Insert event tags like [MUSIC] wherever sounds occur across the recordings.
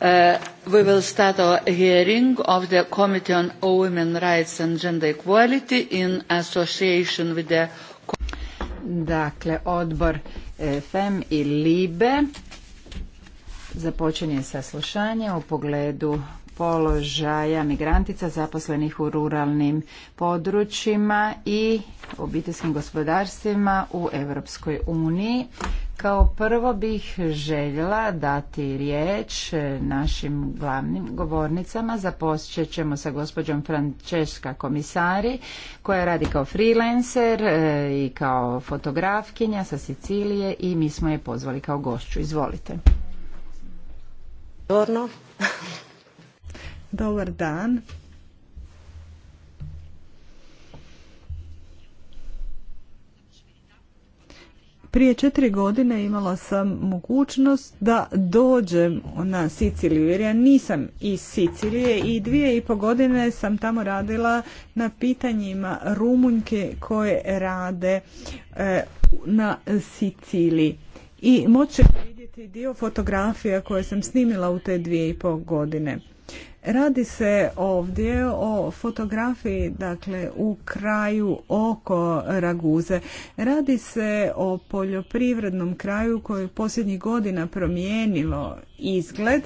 Uh, we will start our hearing of the Committee on Women Rights and Gender Equality in association with the... Dakle, odbor eh, FEM i LIBE započinje saslušanje u pogledu položaja migrantica zaposlenih u ruralnim područjima i obiteljskim gospodarstvima u Europskoj uniji. Kao prvo bih željela dati riječ našim glavnim govornicama. Započet ćemo sa gospođom Francesca Komisari koja radi kao freelancer e, i kao fotografkinja sa Sicilije i mi smo je pozvali kao gošću. Izvolite. Dobar dan. Prije četiri godine imala sam mogućnost da dođem na Siciliju jer ja nisam iz Sicilije i dvije i po godine sam tamo radila na pitanjima Rumunjke koje rade e, na Siciliji. I moće vidjeti dio fotografija koje sam snimila u te dvije i po godine. Radi se ovdje o fotografiji, dakle u kraju oko Raguze. Radi se o poljoprivrednom kraju koji je posljednjih godina promijenilo izgled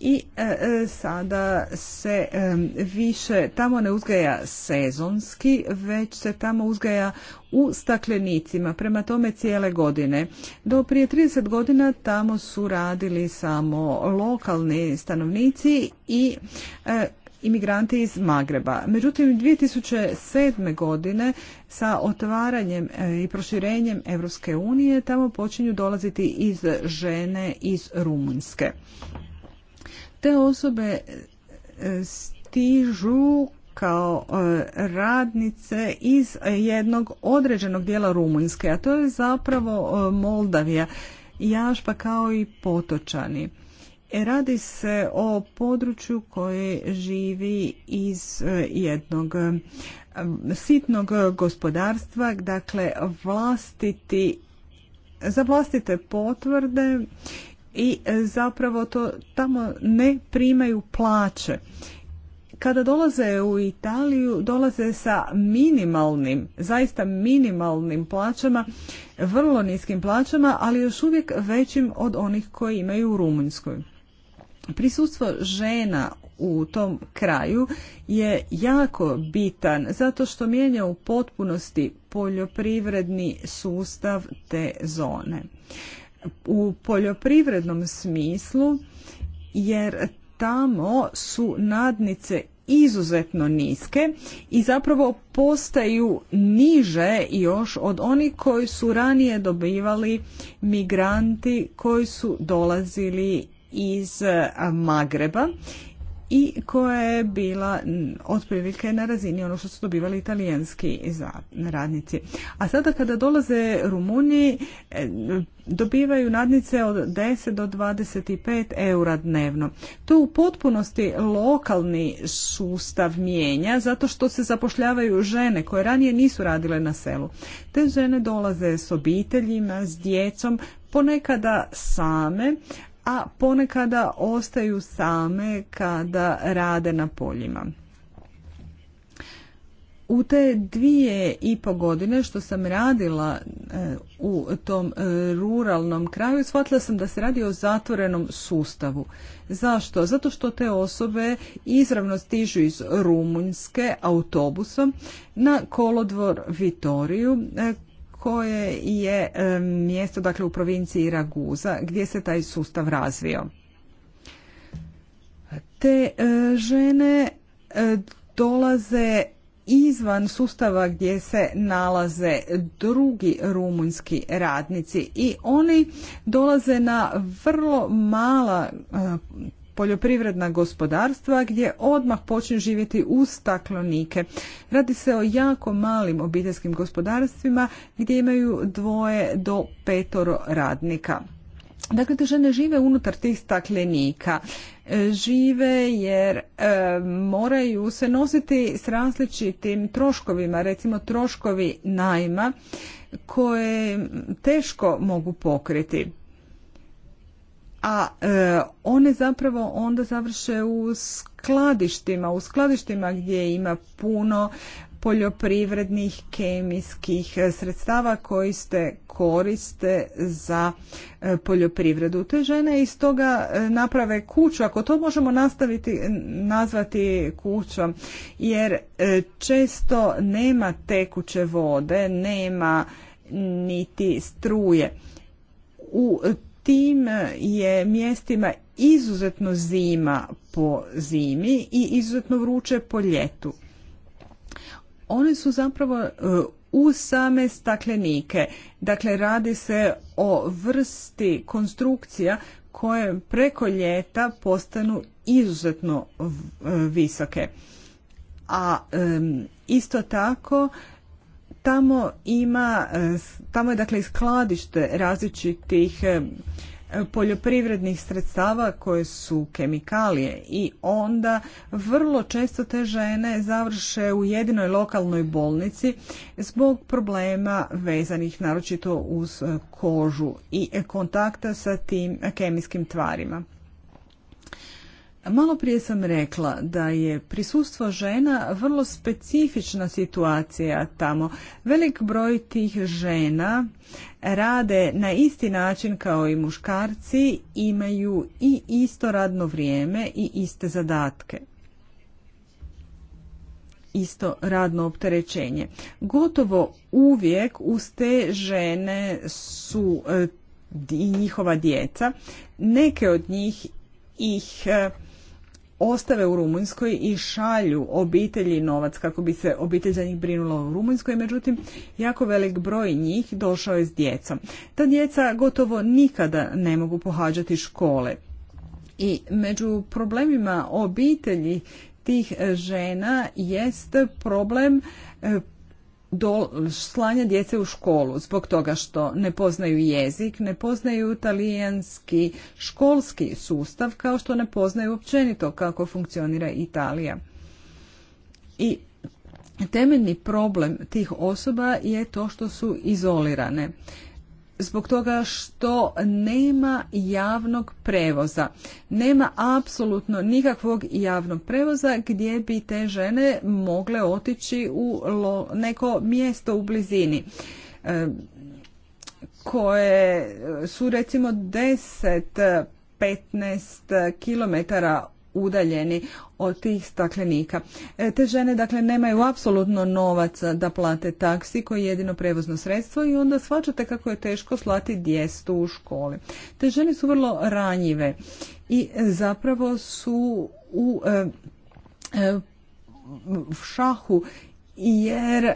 i e, e, sada se e, više tamo ne uzgaja sezonski, već se tamo uzgaja u staklenicima, prema tome cijele godine. Do prije 30 godina tamo su radili samo lokalni stanovnici i imigranti iz Magreba. Međutim, 2007. godine sa otvaranjem i proširenjem Europske unije tamo počinju dolaziti iz žene iz Rumunjske. Te osobe e, stižu kao e, radnice iz jednog određenog dijela Rumunjske, a to je zapravo e, Moldavija, pa kao i Potočani. Radi se o području koje živi iz jednog sitnog gospodarstva, dakle vlastiti za vlastite potvrde i e, zapravo to tamo ne primaju plaće. Kada dolaze u Italiju, dolaze sa minimalnim, zaista minimalnim plaćama, vrlo niskim plaćama, ali još uvijek većim od onih koji imaju u Rumunjskoj. Prisustvo žena u tom kraju je jako bitan zato što mijenja u potpunosti poljoprivredni sustav te zone u poljoprivrednom smislu jer tamo su nadnice izuzetno niske i zapravo postaju niže još od onih koji su ranije dobivali migranti koji su dolazili iz Magreba i koja je bila otprilike na razini ono što su dobivali italijanski radnici. A sada kada dolaze Rumuniji e, dobivaju nadnice od 10 do 25 eura dnevno. To u potpunosti lokalni sustav mijenja zato što se zapošljavaju žene koje ranije nisu radile na selu. Te žene dolaze s obiteljima, s djecom, ponekada same, a ponekada ostaju same kada rade na poljima. U te dvije i po godine što sam radila e, u tom e, ruralnom kraju, shvatila sam da se radi o zatvorenom sustavu. Zašto? Zato što te osobe izravno stižu iz Rumunjske autobusom na kolodvor Vitoriju e, koje je mjesto dakle u provinciji Raguza gdje se taj sustav razvio. Te e, žene e, dolaze izvan sustava gdje se nalaze drugi rumunjski radnici i oni dolaze na vrlo mala e, poljoprivredna gospodarstva gdje odmah počne živjeti uz staklonike. Radi se o jako malim obiteljskim gospodarstvima gdje imaju dvoje do petoro radnika. Dakle, te žene žive unutar tih staklenika. E, žive jer e, moraju se nositi s različitim troškovima, recimo troškovi najma koje teško mogu pokriti a e, one zapravo onda završe u skladištima, u skladištima gdje ima puno poljoprivrednih kemijskih e, sredstava koji ste koriste za e, poljoprivredu. Te žene iz toga naprave kuću, ako to možemo nastaviti nazvati kućom, jer često nema tekuće vode, nema niti struje. U tim e, je mjestima izuzetno zima po zimi i izuzetno vruće po ljetu. One su zapravo e, u same staklenike. Dakle, radi se o vrsti konstrukcija koje preko ljeta postanu izuzetno e, visoke. A isto tako tamo ima tamo je dakle skladište različitih e, poljoprivrednih sredstava koje su kemikalije i onda vrlo često te žene završe u jedinoj lokalnoj bolnici zbog problema vezanih naročito uz e, kožu i kontakta sa tim kemijskim tvarima. Malo prije sam rekla da je prisustvo žena vrlo specifična situacija tamo. Velik broj tih žena rade na isti način kao i muškarci, imaju i isto radno vrijeme i iste zadatke isto radno opterećenje. Gotovo uvijek uz te žene su e, i njihova djeca. Neke od njih ih e, ostave u Rumunjskoj i šalju obitelji novac kako bi se obitelj za njih brinula u Rumunjskoj, međutim jako velik broj njih došao je s djecom. Ta djeca gotovo nikada ne mogu pohađati škole. I među problemima obitelji tih žena jest problem e, do slanja djece u školu zbog toga što ne poznaju jezik, ne poznaju talijanski školski sustav kao što ne poznaju općenito kako funkcionira Italija. I temeljni problem tih osoba je to što su izolirane zbog toga što nema javnog prevoza. Nema apsolutno nikakvog javnog prevoza gdje bi te žene mogle otići u neko mjesto u blizini e, koje su recimo 10-15 km udaljeni od tih staklenika. E, te žene dakle nemaju apsolutno novaca da plate taksi koji je jedino prevozno sredstvo i onda shvaćate kako je teško slati djestu u školi. Te žene su vrlo ranjive i e, zapravo su u e, šahu jer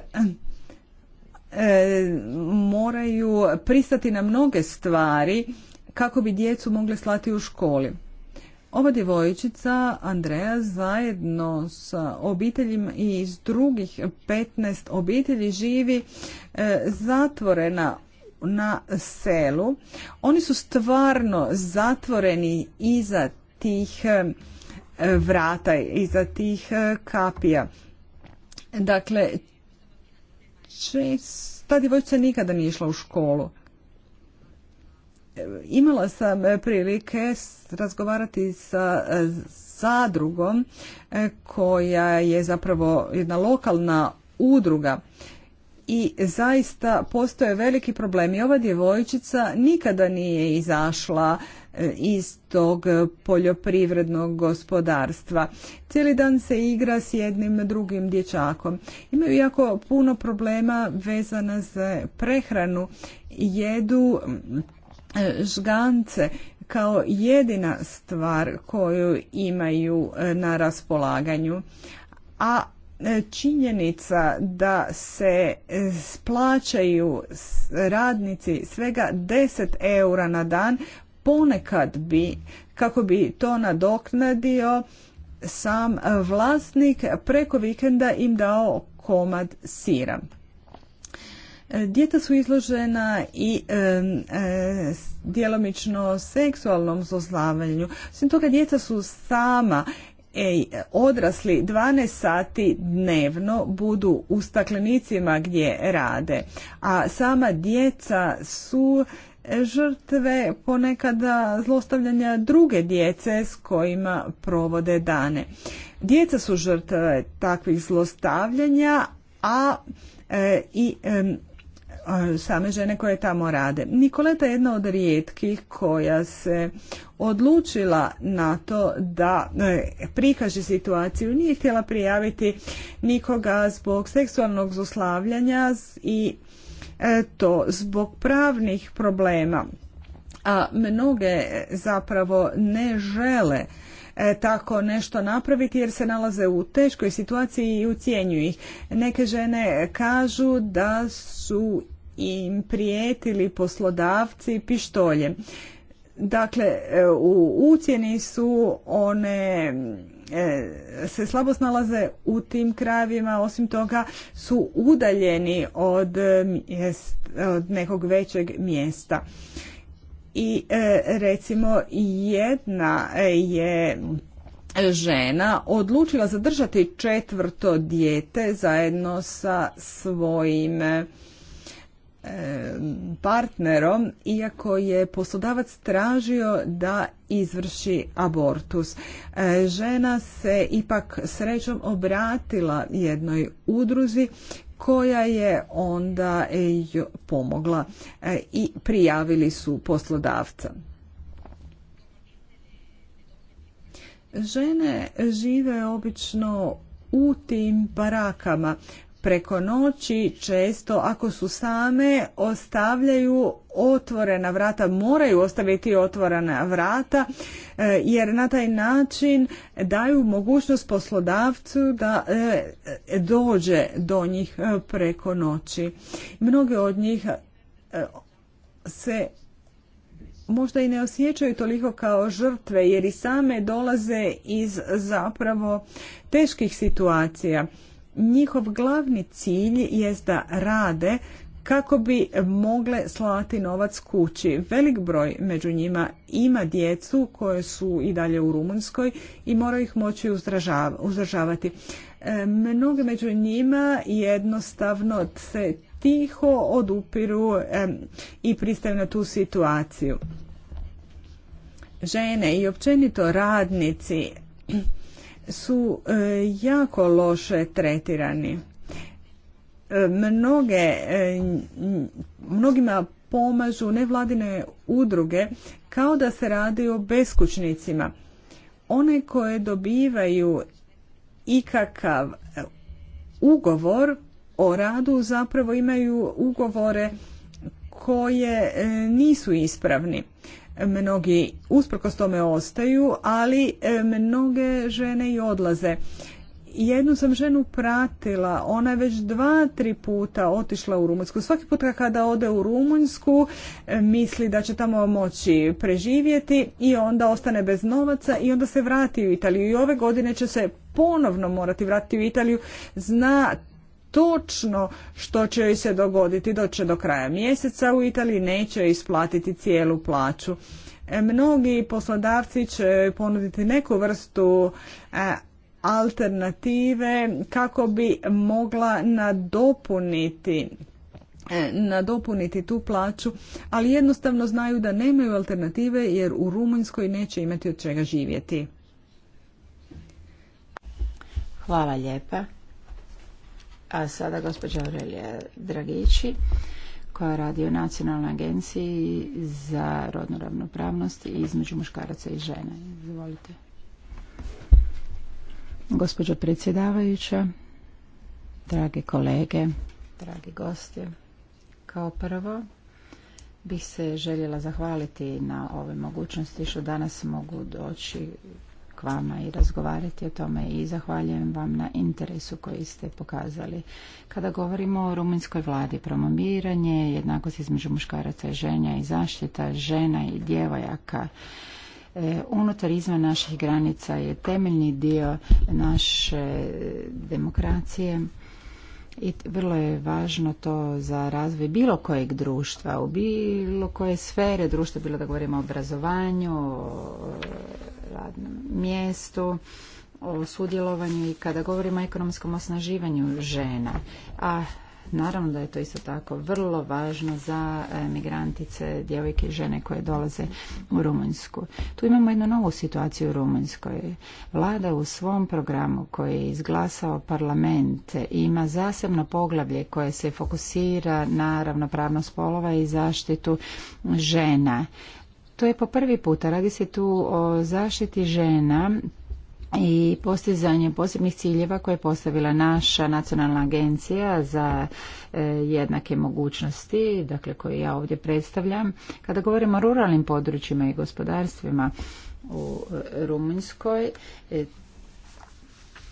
moraju pristati na mnoge stvari kako bi djecu mogle slati u školi. Ova djevojčica Andreja zajedno sa obiteljima i iz drugih 15 obitelji živi e, zatvorena na selu. Oni su stvarno zatvoreni iza tih e, vrata, iza tih e, kapija. Dakle, čest, ta djevojčica nikada nije išla u školu. Imala sam e, prilike razgovarati sa e, zadrugom e, koja je zapravo jedna lokalna udruga i zaista postoje veliki problemi. Ova djevojčica nikada nije izašla iz tog poljoprivrednog gospodarstva. Cijeli dan se igra s jednim drugim dječakom. Imaju jako puno problema vezana za prehranu. Jedu E, žgance kao jedina stvar koju imaju e, na raspolaganju. A e, činjenica da se plaćaju radnici svega 10 eura na dan ponekad bi, kako bi to nadoknadio sam vlasnik, preko vikenda im dao komad sira. Djeca su izložena i eh, djelomično seksualnom zlostavljanju. Osim toga, djeca su sama Ej, odrasli 12 sati dnevno budu u staklenicima gdje rade, a sama djeca su eh, žrtve ponekada zlostavljanja druge djece s kojima provode dane. Djeca su žrtve takvih zlostavljanja, a eh, i same žene koje tamo rade. Nikoleta je jedna od rijetkih koja se odlučila na to da e, prikaže situaciju. Nije htjela prijaviti nikoga zbog seksualnog zoslavljanja i e, to zbog pravnih problema. A mnoge zapravo ne žele e, tako nešto napraviti jer se nalaze u teškoj situaciji i ucijenju ih. Neke žene kažu da su im prijetili poslodavci pištoljem. Dakle, e, u ucjeni su one e, se slabo snalaze u tim krajevima, osim toga su udaljeni od, od nekog većeg mjesta. I e, recimo jedna je žena odlučila zadržati četvrto dijete zajedno sa svojim E, partnerom iako je poslodavac tražio da izvrši abortus. E, žena se ipak srećom obratila jednoj udruzi koja je onda pomogla e, i prijavili su poslodavca. Žene žive obično u tim barakama preko noći često ako su same ostavljaju otvorena vrata, moraju ostaviti otvorena vrata e, jer na taj način daju mogućnost poslodavcu da e, dođe do njih e, preko noći. Mnoge od njih se možda i ne osjećaju toliko kao žrtve jer i same dolaze iz zapravo teških situacija njihov glavni cilj jest da rade kako bi mogle slati novac kući. Velik broj među njima ima djecu koje su i dalje u Rumunskoj i mora ih moći uzdržavati. E, mnoge među njima jednostavno se tiho odupiru i pristaju na tu situaciju. Žene i općenito radnici su e, jako loše tretirani. E, mnoge, e, mnogima pomažu nevladine udruge kao da se radi o beskućnicima. One koje dobivaju ikakav ugovor o radu zapravo imaju ugovore koje nisu ispravni. Mnogi usprkos tome ostaju, ali e, mnoge žene i odlaze. Jednu sam ženu pratila, ona je već dva, tri puta otišla u Rumunjsku. Svaki put kada ode u Rumunjsku e, misli da će tamo moći preživjeti i onda ostane bez novaca i onda se vrati u Italiju. I ove godine će se ponovno morati vratiti u Italiju. Zna točno što će joj se dogoditi, doće do kraja mjeseca u Italiji, neće isplatiti cijelu plaću. E, mnogi poslodavci će ponuditi neku vrstu e, alternative kako bi mogla nadopuniti e, nadopuniti tu plaću, ali jednostavno znaju da nemaju alternative jer u Rumunjskoj neće imati od čega živjeti. Hvala lijepa. A sada gospođa Aurelija Dragići koja radi u Nacionalnoj agenciji za rodnu ravnopravnost između muškaraca i žena. Izvolite. Gospođo predsjedavajuća, drage kolege, dragi gosti, kao prvo bih se željela zahvaliti na ove mogućnosti što danas mogu doći vama i razgovarati o tome i zahvaljujem vam na interesu koji ste pokazali. Kada govorimo o rumunjskoj vladi, promoviranje, jednakost između muškaraca i ženja i zaštita žena i djevojaka, e, unutar izvan naših granica je temeljni dio naše demokracije i vrlo je važno to za razvoj bilo kojeg društva, u bilo koje sfere društva, bilo da govorimo o obrazovanju, o radnom mjestu, o sudjelovanju i kada govorimo o ekonomskom osnaživanju žena. A Naravno da je to isto tako vrlo važno za e, migrantice, djevojke i žene koje dolaze u Rumunjsku. Tu imamo jednu novu situaciju u Rumunjskoj. Vlada u svom programu koji je izglasao parlament ima zasebno poglavlje koje se fokusira na ravnopravnost spolova i zaštitu žena. To je po prvi puta. Radi se tu o zaštiti žena i postizanje posebnih ciljeva koje je postavila naša nacionalna agencija za e, jednake mogućnosti, dakle koje ja ovdje predstavljam. Kada govorimo o ruralnim područjima i gospodarstvima u e, Rumunjskoj, e,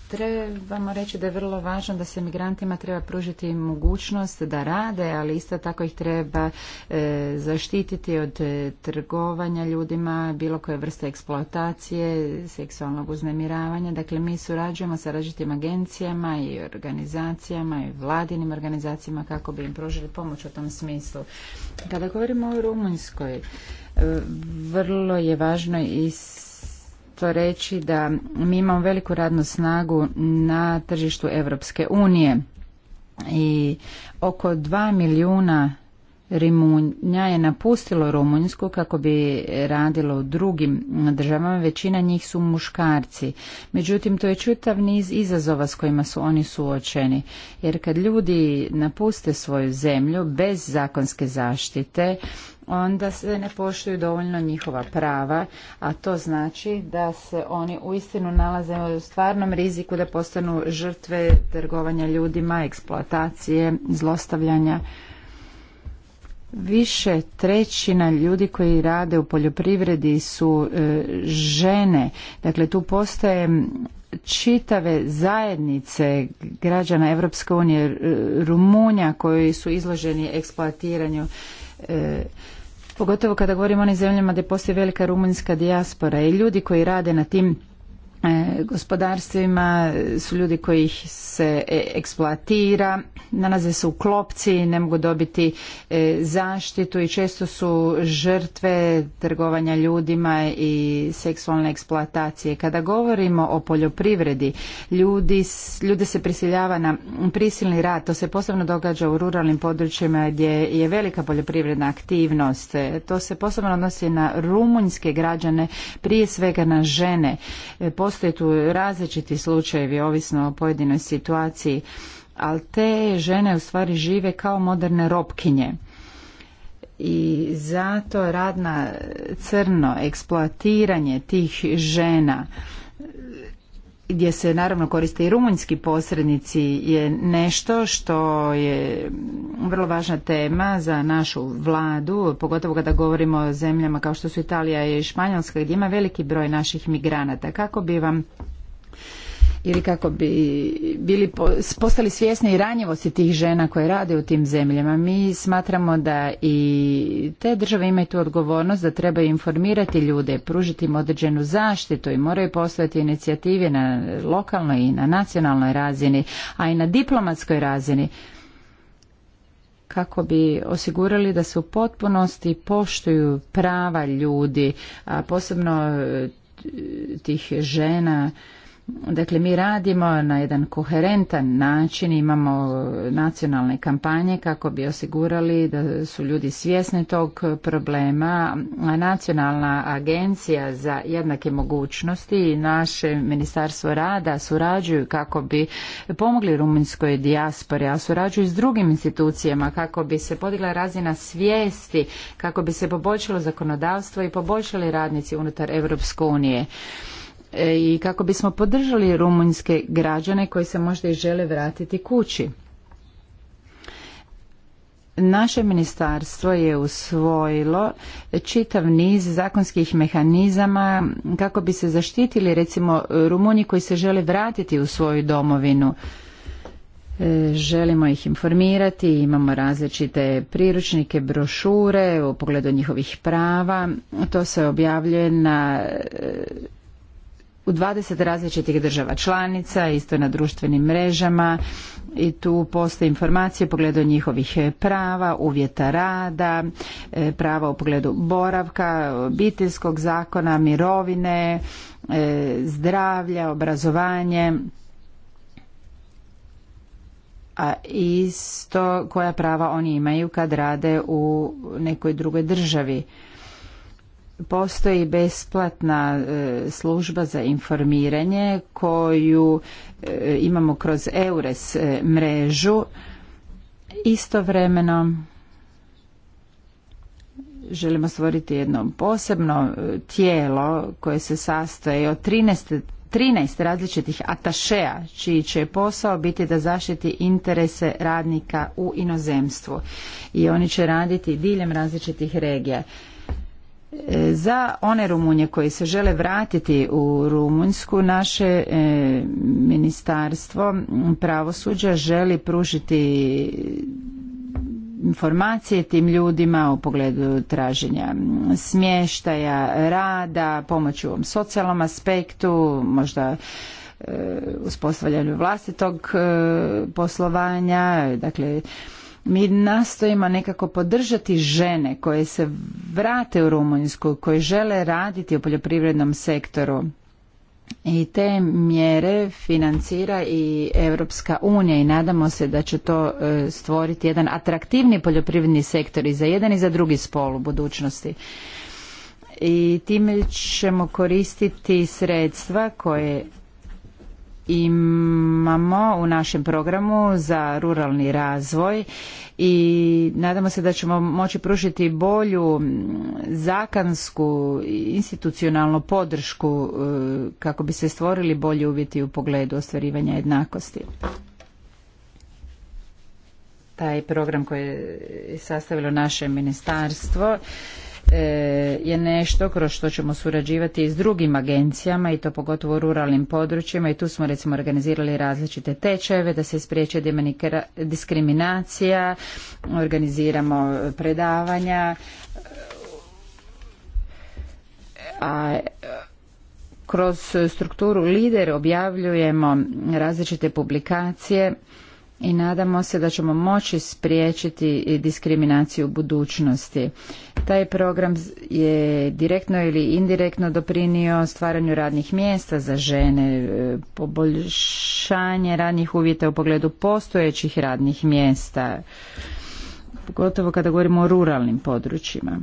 Trebamo reći da je vrlo važno da se migrantima treba pružiti mogućnost da rade, ali isto tako ih treba e, zaštititi od e, trgovanja ljudima, bilo koje vrste eksploatacije, seksualnog uznemiravanja. Dakle, mi surađujemo sa različitim agencijama i organizacijama i vladinim organizacijama kako bi im pružili pomoć u tom smislu. Kada govorimo o Rumunjskoj, e, vrlo je važno i to reći da mi imamo veliku radnu snagu na tržištu Europske unije i oko 2 milijuna Rimunja je napustilo Rumunjsku kako bi radilo u drugim državama, većina njih su muškarci. Međutim, to je čutav niz izazova s kojima su oni suočeni, jer kad ljudi napuste svoju zemlju bez zakonske zaštite, onda se ne poštuju dovoljno njihova prava, a to znači da se oni uistinu nalaze u stvarnom riziku da postanu žrtve trgovanja ljudima, eksploatacije, zlostavljanja. Više trećina ljudi koji rade u poljoprivredi su e, žene. Dakle, tu postoje čitave zajednice građana Europske unije, Rumunja koji su izloženi eksploatiranju e, pogotovo kada govorimo o onim zemljama gdje postoji velika rumunjska dijaspora i ljudi koji rade na tim E, gospodarstvima su ljudi koji se e, eksploatira, nalaze se u klopci, ne mogu dobiti e, zaštitu i često su žrtve trgovanja ljudima i seksualne eksploatacije. Kada govorimo o poljoprivredi, ljudi, ljude se prisiljava na prisilni rad, to se posebno događa u ruralnim područjima gdje je velika poljoprivredna aktivnost. To se posebno odnosi na rumunjske građane, prije svega na žene postoje tu različiti slučajevi ovisno o pojedinoj situaciji, ali te žene u stvari žive kao moderne robkinje I zato radna crno, eksploatiranje tih žena, gdje se naravno koriste i rumunjski posrednici je nešto što je vrlo važna tema za našu vladu, pogotovo kada govorimo o zemljama kao što su Italija i Španjolska gdje ima veliki broj naših migranata. Kako bi vam ili kako bi bili postali svjesni i ranjivosti tih žena koje rade u tim zemljama. Mi smatramo da i te države imaju tu odgovornost da trebaju informirati ljude, pružiti im određenu zaštitu i moraju postojati inicijative na lokalnoj i na nacionalnoj razini, a i na diplomatskoj razini kako bi osigurali da se u potpunosti poštuju prava ljudi, a posebno e, tih žena Dakle, mi radimo na jedan koherentan način, imamo nacionalne kampanje kako bi osigurali da su ljudi svjesni tog problema. Nacionalna agencija za jednake mogućnosti i naše ministarstvo rada surađuju kako bi pomogli rumunjskoj dijaspori, a surađuju s drugim institucijama kako bi se podigla razina svijesti, kako bi se poboljšalo zakonodavstvo i poboljšali radnici unutar Europske unije. E, i kako bismo podržali rumunjske građane koji se možda i žele vratiti kući. Naše ministarstvo je usvojilo čitav niz zakonskih mehanizama kako bi se zaštitili recimo Rumunji koji se žele vratiti u svoju domovinu. E, želimo ih informirati, imamo različite priručnike, brošure u pogledu njihovih prava. To se objavljuje na e, u 20 različitih država članica, isto na društvenim mrežama i tu postoje informacije u pogledu njihovih e, prava, uvjeta rada, e, prava u pogledu boravka, obiteljskog zakona, mirovine, e, zdravlja, obrazovanje a isto koja prava oni imaju kad rade u nekoj drugoj državi postoji besplatna e, služba za informiranje koju e, imamo kroz EURES e, mrežu. Istovremeno želimo stvoriti jedno posebno tijelo koje se sastoje od 13 13 različitih atašeja čiji će posao biti da zaštiti interese radnika u inozemstvu i oni će raditi diljem različitih regija za one Rumunje koji se žele vratiti u Rumunjsku, naše e, ministarstvo pravosuđa želi pružiti informacije tim ljudima u pogledu traženja smještaja, rada, pomoći u ovom socijalnom aspektu, možda e, uspostavljanju vlastitog e, poslovanja, dakle mi nastojimo nekako podržati žene koje se vrate u Rumunjsku, koje žele raditi u poljoprivrednom sektoru. I te mjere financira i Europska unija i nadamo se da će to e, stvoriti jedan atraktivni poljoprivredni sektor i za jedan i za drugi spol u budućnosti i time ćemo koristiti sredstva koje imamo u našem programu za ruralni razvoj i nadamo se da ćemo moći pružiti bolju zakansku institucionalnu podršku e, kako bi se stvorili bolji uvjeti u pogledu ostvarivanja jednakosti. Taj program koji je sastavilo naše ministarstvo E, je nešto kroz što ćemo surađivati s drugim agencijama i to pogotovo u ruralnim područjima i tu smo recimo organizirali različite tečajeve da se spriječe diskriminacija, organiziramo predavanja. A kroz strukturu lider objavljujemo različite publikacije i nadamo se da ćemo moći spriječiti diskriminaciju u budućnosti. Taj program je direktno ili indirektno doprinio stvaranju radnih mjesta za žene, e, poboljšanje radnih uvjeta u pogledu postojećih radnih mjesta, pogotovo kada govorimo o ruralnim područjima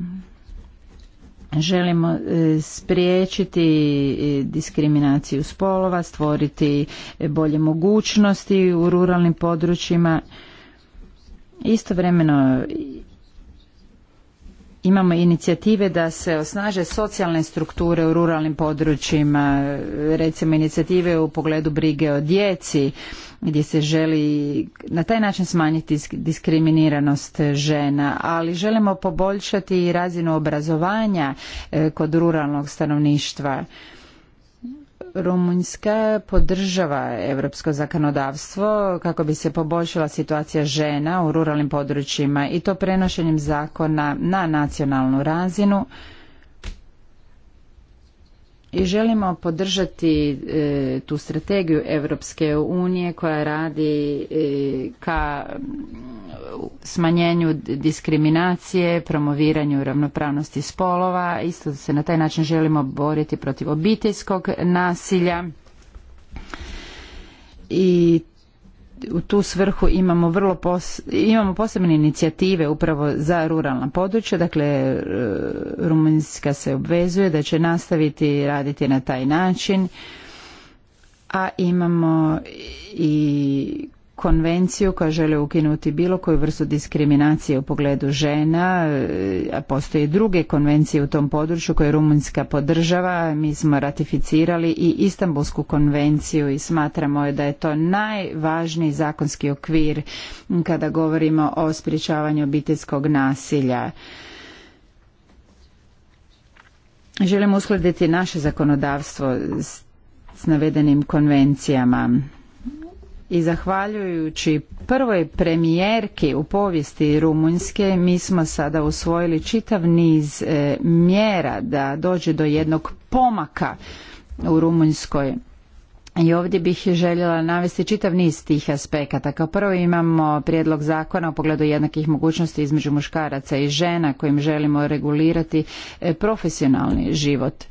želimo e, spriječiti e, diskriminaciju spolova, stvoriti e, bolje mogućnosti u ruralnim područjima. Istovremeno imamo inicijative da se osnaže socijalne strukture u ruralnim područjima, recimo inicijative u pogledu brige o djeci, gdje se želi na taj način smanjiti diskriminiranost žena, ali želimo poboljšati i razinu obrazovanja eh, kod ruralnog stanovništva. Rumunjska podržava europsko zakonodavstvo kako bi se poboljšala situacija žena u ruralnim područjima i to prenošenjem zakona na nacionalnu razinu i želimo podržati e, tu strategiju Europske unije koja radi e, ka mm, smanjenju diskriminacije, promoviranju ravnopravnosti spolova, isto se na taj način želimo boriti protiv obiteljskog nasilja i u tu svrhu imamo vrlo imamo posebne inicijative upravo za ruralna područja, dakle e, Rumunjska se obvezuje da će nastaviti raditi na taj način a imamo i konvenciju koja želi ukinuti bilo koju vrstu diskriminacije u pogledu žena, a postoje druge konvencije u tom području koje Rumunjska podržava. Mi smo ratificirali i Istanbulsku konvenciju i smatramo da je to najvažniji zakonski okvir kada govorimo o sprječavanju obiteljskog nasilja. Želimo uskladiti naše zakonodavstvo s navedenim konvencijama i zahvaljujući prvoj premijerki u povijesti Rumunjske mi smo sada usvojili čitav niz e, mjera da dođe do jednog pomaka u Rumunjskoj. I ovdje bih željela navesti čitav niz tih aspekata. Kao prvo imamo prijedlog zakona u pogledu jednakih mogućnosti između muškaraca i žena kojim želimo regulirati e, profesionalni život.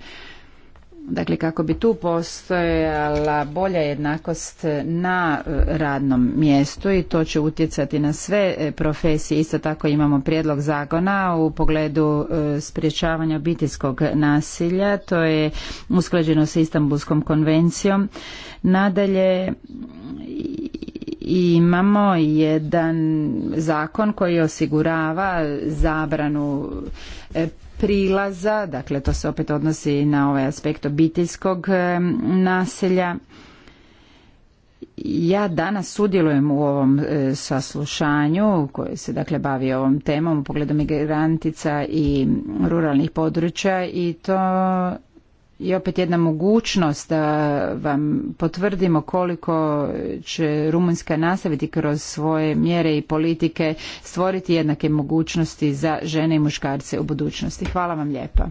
Dakle, kako bi tu postojala bolja jednakost na e, radnom mjestu i to će utjecati na sve e, profesije. Isto tako imamo prijedlog zakona u pogledu e, sprječavanja obiteljskog nasilja. To je usklađeno sa Istanbulskom konvencijom. Nadalje, imamo jedan zakon koji osigurava zabranu prilaza, dakle to se opet odnosi na ovaj aspekt obiteljskog naselja. Ja danas sudjelujem u ovom e, saslušanju koje se dakle bavi ovom temom u pogledu migrantica i ruralnih područja i to i opet jedna mogućnost da vam potvrdimo koliko će Rumunjska nastaviti kroz svoje mjere i politike stvoriti jednake mogućnosti za žene i muškarce u budućnosti. Hvala vam lijepa.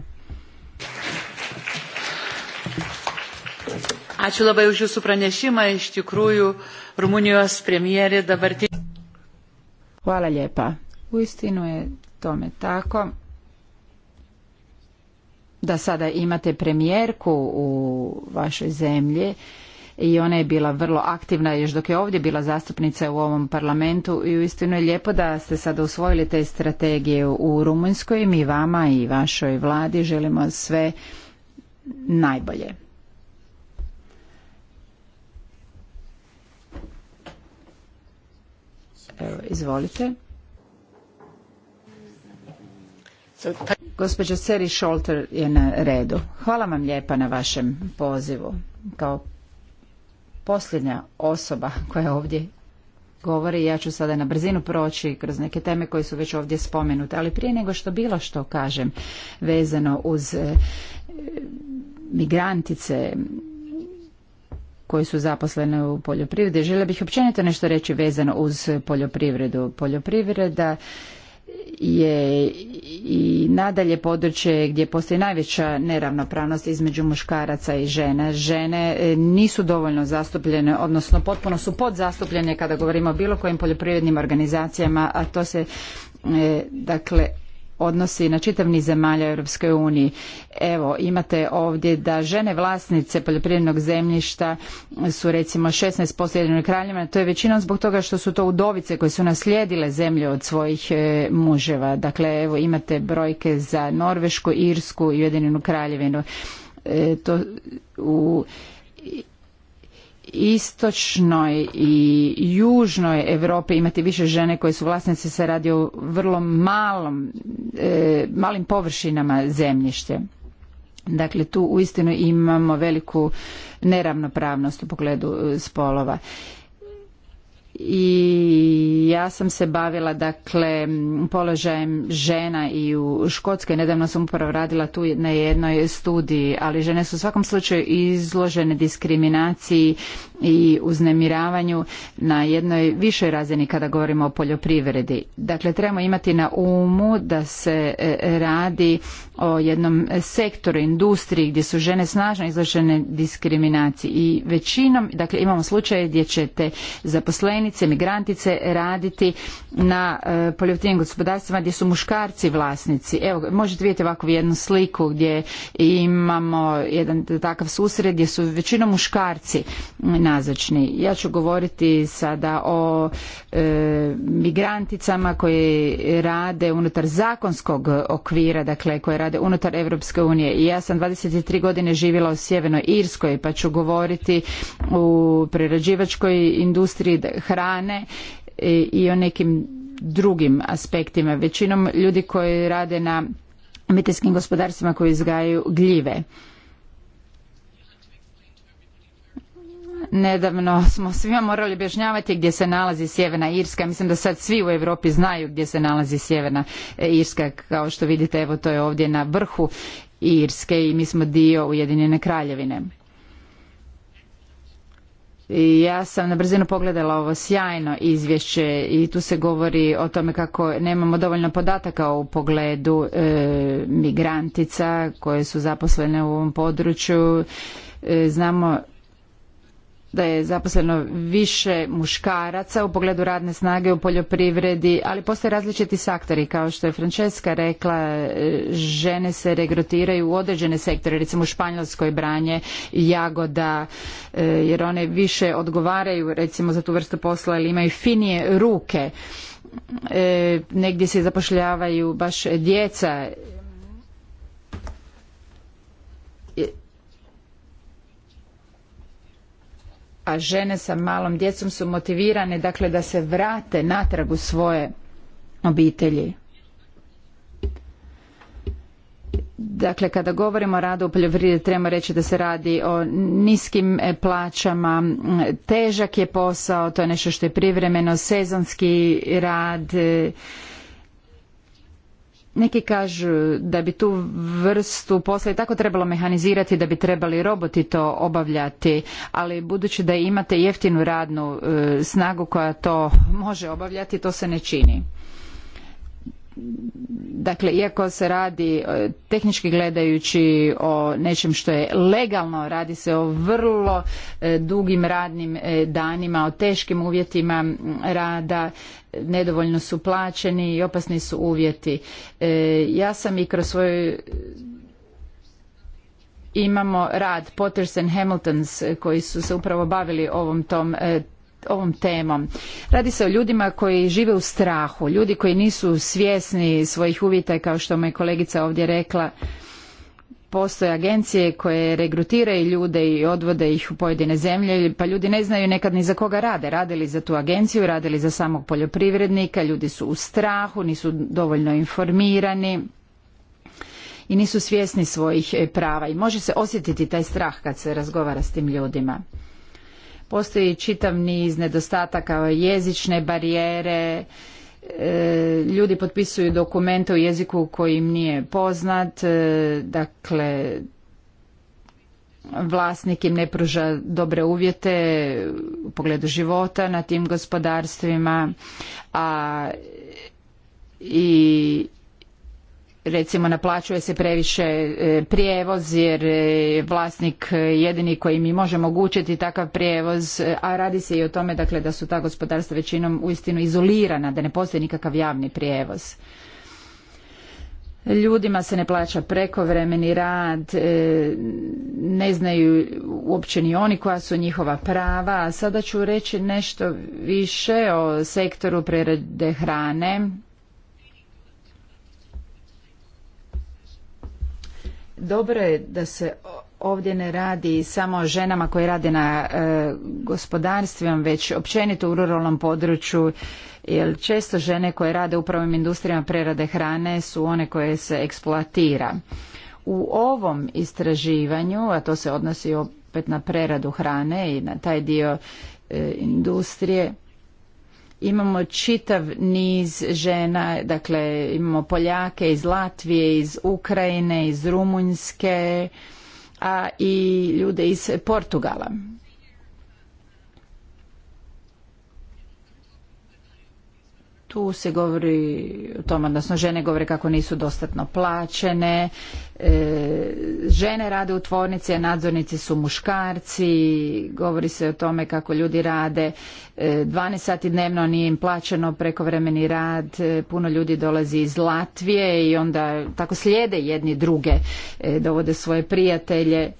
Rumunijos Hvala lijepa. Uistinu je tome tako da sada imate premijerku u vašoj zemlji i ona je bila vrlo aktivna još dok je ovdje bila zastupnica u ovom parlamentu i uistinu je lijepo da ste sada usvojili te strategije u Rumunjskoj. Mi vama i vašoj vladi želimo sve najbolje. Evo, izvolite. Gospođa Seri Šolter je na redu. Hvala vam lijepa na vašem pozivu. Kao posljednja osoba koja ovdje govori, ja ću sada na brzinu proći kroz neke teme koje su već ovdje spomenute, ali prije nego što bilo što kažem vezano uz e, migrantice koji su zaposlene u poljoprivredi, žele bih općenito nešto reći vezano uz poljoprivredu. Poljoprivreda je i nadalje područje gdje postoji najveća neravnopravnost između muškaraca i žena. Žene e, nisu dovoljno zastupljene, odnosno potpuno su podzastupljene kada govorimo o bilo kojim poljoprivrednim organizacijama, a to se e, dakle odnosi na čitav niz zemalja Europskoj uniji. Evo, imate ovdje da žene vlasnice poljoprivrednog zemljišta su recimo 16% posljednjoj kraljevina, to je većinom zbog toga što su to udovice koje su naslijedile zemlje od svojih e, muževa. Dakle, evo imate brojke za Norvešku, Irsku i Ujedinjenu kraljevinu. E, to u istočnoj i južnoj Europi imati više žene koje su vlasnice se radi o vrlo malom, e, malim površinama zemljište. Dakle, tu uistinu imamo veliku neravnopravnost u pogledu e, spolova i ja sam se bavila dakle položajem žena i u Škotskoj nedavno sam upravo radila tu na jednoj studiji ali žene su u svakom slučaju izložene diskriminaciji i uznemiravanju na jednoj višoj razini kada govorimo o poljoprivredi. Dakle trebamo imati na umu da se e, radi o jednom sektoru industriji gdje su žene snažno izložene diskriminaciji i većinom dakle imamo slučaje gdje ćete zaposleni ženice, migrantice raditi na e, poljoprivrednim gospodarstvima gdje su muškarci vlasnici. Evo, možete vidjeti ovakvu jednu sliku gdje imamo jedan takav susred gdje su većinom muškarci nazočni. Ja ću govoriti sada o e, migranticama koje rade unutar zakonskog okvira, dakle koje rade unutar Europske unije. I ja sam 23 godine živjela u Sjevernoj Irskoj, pa ću govoriti u prerađivačkoj industriji hrane i o nekim drugim aspektima. Većinom ljudi koji rade na obiteljskim gospodarstvima koji izgajaju gljive. Nedavno smo svima morali objašnjavati gdje se nalazi Sjeverna Irska. Mislim da sad svi u Europi znaju gdje se nalazi Sjeverna e, Irska. Kao što vidite, evo to je ovdje na vrhu Irske i mi smo dio Ujedinjene kraljevine ja sam na brzinu pogledala ovo sjajno izvješće i tu se govori o tome kako nemamo dovoljno podataka u pogledu e, migrantica koje su zaposlene u ovom području. E, znamo da je zaposleno više muškaraca u pogledu radne snage u poljoprivredi, ali postoje različiti saktori, kao što je Francesca rekla, e, žene se regrutiraju u određene sektore, recimo u Španjolskoj branje, jagoda, e, jer one više odgovaraju recimo za tu vrstu posla ili imaju finije ruke. E, negdje se zapošljavaju baš djeca a žene sa malom djecom su motivirane dakle da se vrate natrag u svoje obitelji. Dakle, kada govorimo o radu u poljoprivredi, trebamo reći da se radi o niskim e, plaćama, težak je posao, to je nešto što je privremeno, sezonski rad, e, neki kažu da bi tu vrstu posla i tako trebalo mehanizirati da bi trebali roboti to obavljati ali budući da imate jeftinu radnu e, snagu koja to može obavljati to se ne čini dakle iako se radi e, tehnički gledajući o nečem što je legalno radi se o vrlo e, dugim radnim e, danima o teškim uvjetima rada nedovoljno su plaćeni i opasni su uvjeti ja sam i kroz svoju imamo rad Potters and Hamiltons koji su se upravo bavili ovom tom ovom temom. Radi se o ljudima koji žive u strahu, ljudi koji nisu svjesni svojih uvjeta kao što me kolegica ovdje rekla. Postoje agencije koje regrutiraju ljude i odvode ih u pojedine zemlje, pa ljudi ne znaju nekad ni za koga rade. li za tu agenciju, li za samog poljoprivrednika, ljudi su u strahu, nisu dovoljno informirani i nisu svjesni svojih prava i može se osjetiti taj strah kad se razgovara s tim ljudima. Postoji čitav niz nedostataka, jezične barijere, e, ljudi potpisuju dokumente u jeziku koji im nije poznat, e, dakle vlasnik im ne pruža dobre uvjete u pogledu života na tim gospodarstvima, a i recimo naplaćuje se previše e, prijevoz jer e, vlasnik e, jedini koji mi može omogućiti takav prijevoz, a radi se i o tome dakle da su ta gospodarstva većinom uistinu izolirana, da ne postoji nikakav javni prijevoz. Ljudima se ne plaća prekovremeni rad, ne znaju uopće ni oni koja su njihova prava. A sada ću reći nešto više o sektoru prerade hrane Dobro je da se ovdje ne radi samo o ženama koje rade na e, gospodarstvima, već općenito u ruralnom području, jer često žene koje rade u u industrijama prerade hrane su one koje se eksploatira. U ovom istraživanju, a to se odnosi opet na preradu hrane i na taj dio e, industrije, Imamo čitav niz žena, dakle imamo Poljake iz Latvije, iz Ukrajine, iz Rumunjske, a i ljude iz Portugala. tu se govori o tome, odnosno žene govore kako nisu dostatno plaćene, e, žene rade u tvornici, a nadzornici su muškarci, govori se o tome kako ljudi rade e, 12 sati dnevno, nije im plaćeno prekovremeni rad, e, puno ljudi dolazi iz Latvije i onda tako slijede jedni druge, e, dovode svoje prijatelje.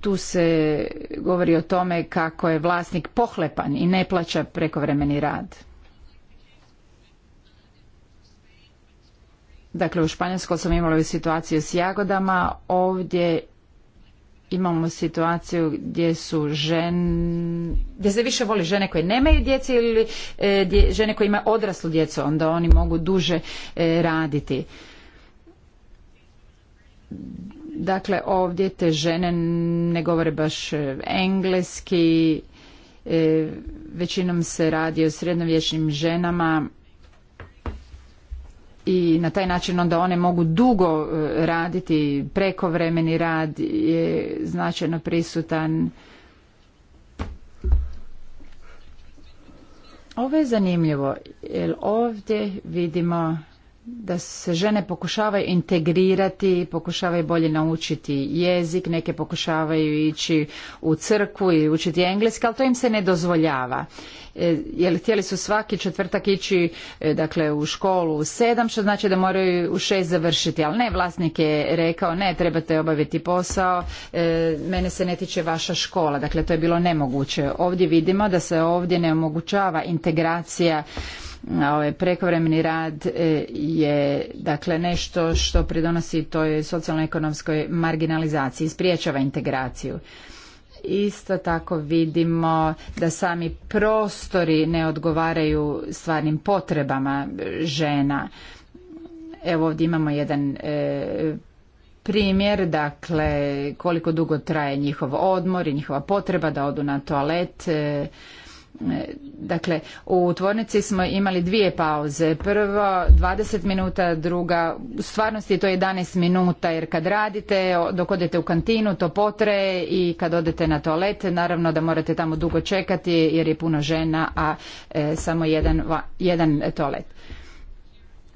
Tu se govori o tome kako je vlasnik pohlepan i ne plaća prekovremeni rad Dakle, u Španjolskoj sam imala situaciju s jagodama, ovdje imamo situaciju gdje su žene... gdje se više voli žene koje nemaju djece ili e, žene koje imaju odraslu djecu, onda oni mogu duže e, raditi. Dakle, ovdje te žene ne govore baš e, engleski, većinom se radi o srednovječnim ženama i na taj način onda one mogu dugo e, raditi, prekovremeni rad je značajno prisutan. Ovo je zanimljivo, jer ovdje vidimo da se žene pokušavaju integrirati, pokušavaju bolje naučiti jezik, neke pokušavaju ići u crkvu i učiti engleski, ali to im se ne dozvoljava. E, Jer htjeli su svaki četvrtak ići e, dakle, u školu u sedam, što znači da moraju u šest završiti, ali ne, vlasnik je rekao ne, trebate obaviti posao, e, mene se ne tiče vaša škola, dakle to je bilo nemoguće. Ovdje vidimo da se ovdje ne omogućava integracija ovaj prekovremeni rad e, je dakle nešto što pridonosi toj socijalno-ekonomskoj marginalizaciji, spriječava integraciju. Isto tako vidimo da sami prostori ne odgovaraju stvarnim potrebama žena. Evo ovdje imamo jedan e, primjer, dakle koliko dugo traje njihov odmor i njihova potreba da odu na toalet. E, Dakle, u tvornici smo imali dvije pauze. Prvo 20 minuta, druga, u stvarnosti je 11 minuta jer kad radite, dok odete u kantinu to potre i kad odete na toalet, naravno da morate tamo dugo čekati jer je puno žena, a e, samo jedan, jedan toalet.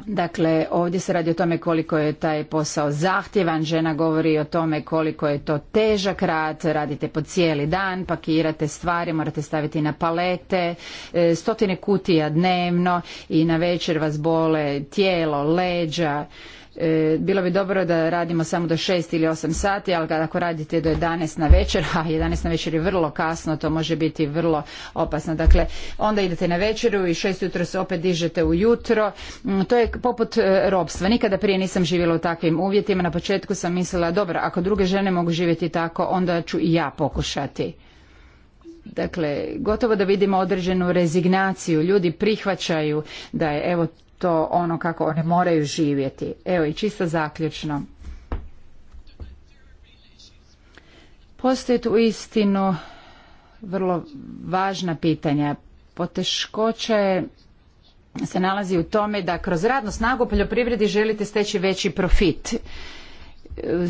Dakle, ovdje se radi o tome koliko je taj posao zahtjevan, žena govori o tome koliko je to težak rad, radite po cijeli dan, pakirate stvari, morate staviti na palete, e, stotine kutija dnevno i na večer vas bole tijelo, leđa, E, bilo bi dobro da radimo samo do 6 ili 8 sati, ali ako radite do 11 na večer, [LAUGHS] a 11 na večer je vrlo kasno, to može biti vrlo opasno. Dakle, onda idete na večeru i 6 jutro se opet dižete ujutro. Mm, to je poput e, robstva. Nikada prije nisam živjela u takvim uvjetima. Na početku sam mislila, dobro, ako druge žene mogu živjeti tako, onda ću i ja pokušati. Dakle, gotovo da vidimo određenu rezignaciju. Ljudi prihvaćaju da je evo to ono kako one moraju živjeti. Evo i čisto zaključno. Postoje tu istinu vrlo važna pitanja. Poteškoća se nalazi u tome da kroz radnu snagu u poljoprivredi želite steći veći profit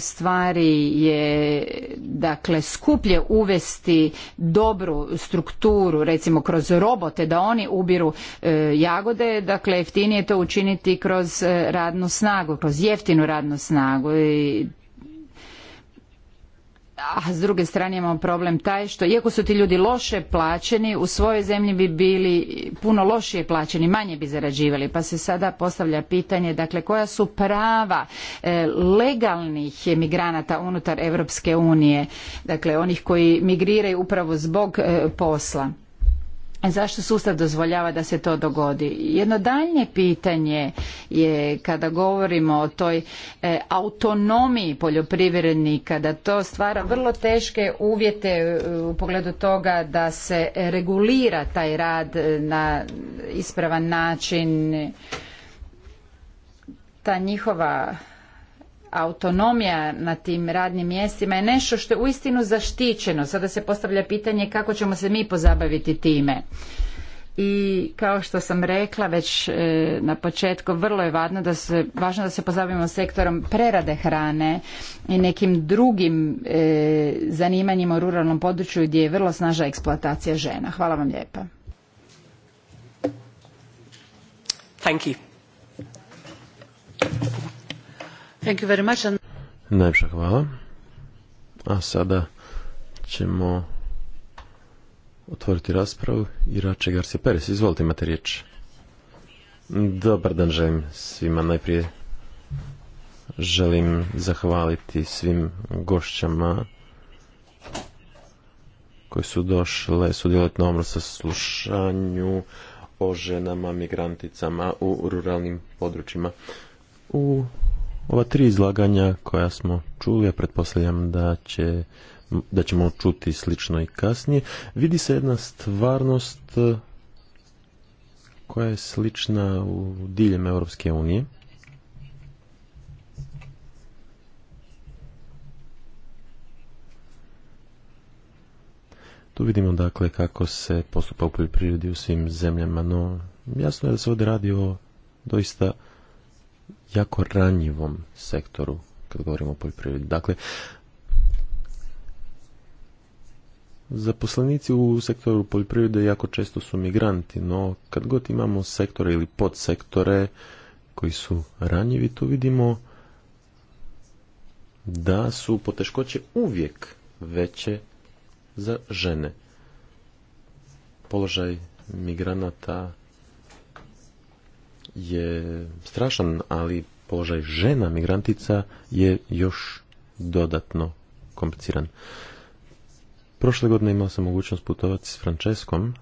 stvari je dakle skuplje uvesti dobru strukturu recimo kroz robote da oni ubiru e, jagode dakle jeftinije to učiniti kroz e, radnu snagu kroz jeftinu radnu snagu i a s druge strane imamo problem taj što iako su ti ljudi loše plaćeni u svojoj zemlji bi bili puno lošije plaćeni, manje bi zarađivali pa se sada postavlja pitanje dakle koja su prava e, legalnih emigranata unutar Europske unije dakle onih koji migriraju upravo zbog e, posla Zašto sustav dozvoljava da se to dogodi? Jedno daljnje pitanje je kada govorimo o toj e, autonomiji poljoprivrednika, da to stvara vrlo teške uvjete e, u pogledu toga da se regulira taj rad e, na ispravan način. Ta njihova autonomija na tim radnim mjestima je nešto što je uistinu zaštićeno. Sada se postavlja pitanje kako ćemo se mi pozabaviti time. I kao što sam rekla već e, na početku, vrlo je važno da se, važno da se pozabavimo sektorom prerade hrane i nekim drugim e, zanimanjima u ruralnom području gdje je vrlo snaža eksploatacija žena. Hvala vam lijepa. Thank you. Thank you very hvala. A sada ćemo otvoriti raspravu. Irače Garcia Perez, izvolite, imate riječ. Dobar dan želim svima. Najprije želim zahvaliti svim gošćama koji su došle sudjelovati na ovom saslušanju o ženama migranticama u ruralnim područjima. U ova tri izlaganja koja smo čuli, ja pretpostavljam da će da ćemo čuti slično i kasnije, vidi se jedna stvarnost e, koja je slična u diljem Europske unije. Tu vidimo dakle kako se postupa u poljoprivredi u svim zemljama, no jasno je da se ovdje radi o doista jako ranjivom sektoru kad govorimo o poljoprivredi. Dakle, Zaposlenici u sektoru poljoprivrede jako često su migranti, no kad god imamo sektore ili podsektore koji su ranjivi, tu vidimo da su poteškoće uvijek veće za žene. Položaj migranata je strašan, ali položaj žena migrantica je još dodatno kompliciran. Prošle godine imao sam mogućnost putovati s Franceskom.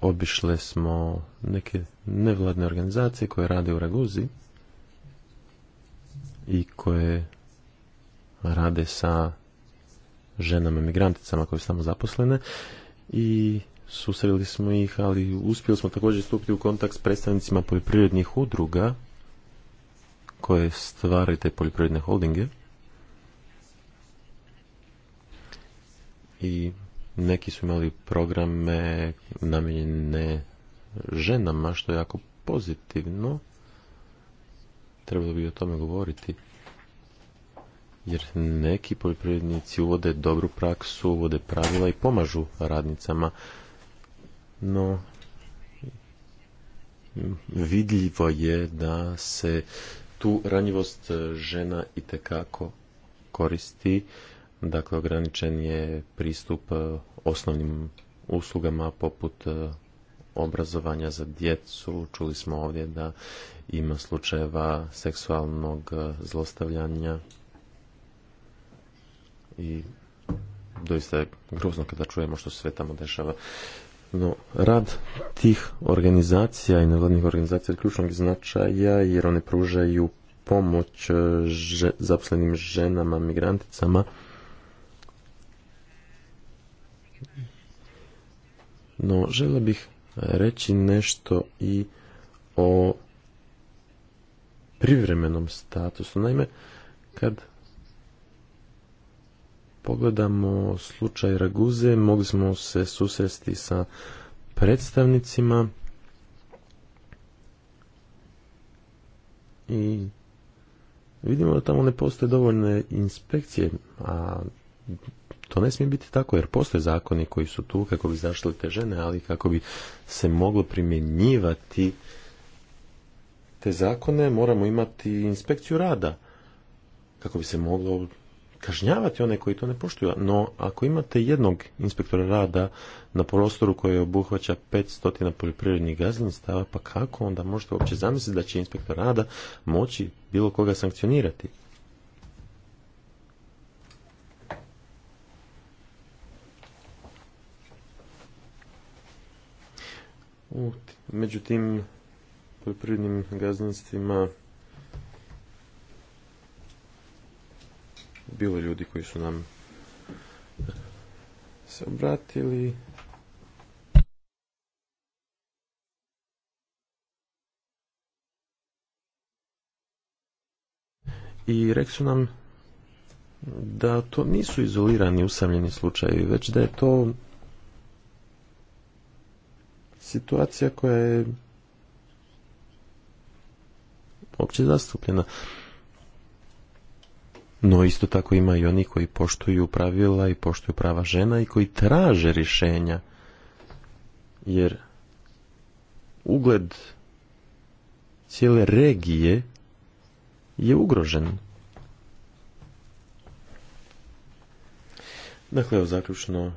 Obišle smo neke nevladne organizacije koje rade u Raguzi i koje rade sa ženama migranticama koje su samo zaposlene i susreli smo ih, ali uspjeli smo također stupiti u kontakt s predstavnicima poljoprivrednih udruga koje stvaraju te poljoprivredne holdinge. I neki su imali programe namijenjene ženama, što je jako pozitivno. Trebalo bi o tome govoriti. Jer neki poljoprivrednici uvode dobru praksu, uvode pravila i pomažu radnicama no vidljivo je da se tu ranjivost e, žena i tekako koristi, dakle ograničen je pristup e, osnovnim uslugama poput e, obrazovanja za djecu. Čuli smo ovdje da ima slučajeva seksualnog zlostavljanja i doista je grozno kada čujemo što se sve tamo dešava. No, rad tih organizacija i nevladnih organizacija je ključnog značaja jer one pružaju pomoć e, zaposlenim ženama, migranticama. No, žele bih reći nešto i o privremenom statusu. Naime, kad pogledamo slučaj Raguze, mogli smo se susresti sa predstavnicima i vidimo da tamo ne postoje dovoljne inspekcije, a to ne smije biti tako jer postoje zakoni koji su tu kako bi zaštili te žene, ali kako bi se moglo primjenjivati te zakone moramo imati inspekciju rada kako bi se moglo kažnjavati one koji to ne poštuju. No, ako imate jednog inspektora rada na prostoru koji obuhvaća 500 poljoprivrednih gazdinstava, pa kako onda možete uopće zamisliti da će inspektor rada moći bilo koga sankcionirati? U, međutim, poljoprivrednim gazdinstvima bilo ljudi koji su nam se obratili. I rekli su nam da to nisu izolirani usamljeni slučajevi, već da je to situacija koja je opće zastupljena no isto tako ima i oni koji poštuju pravila i poštuju prava žena i koji traže rješenja. Jer ugled cijele regije je ugrožen. Dakle, evo zaključno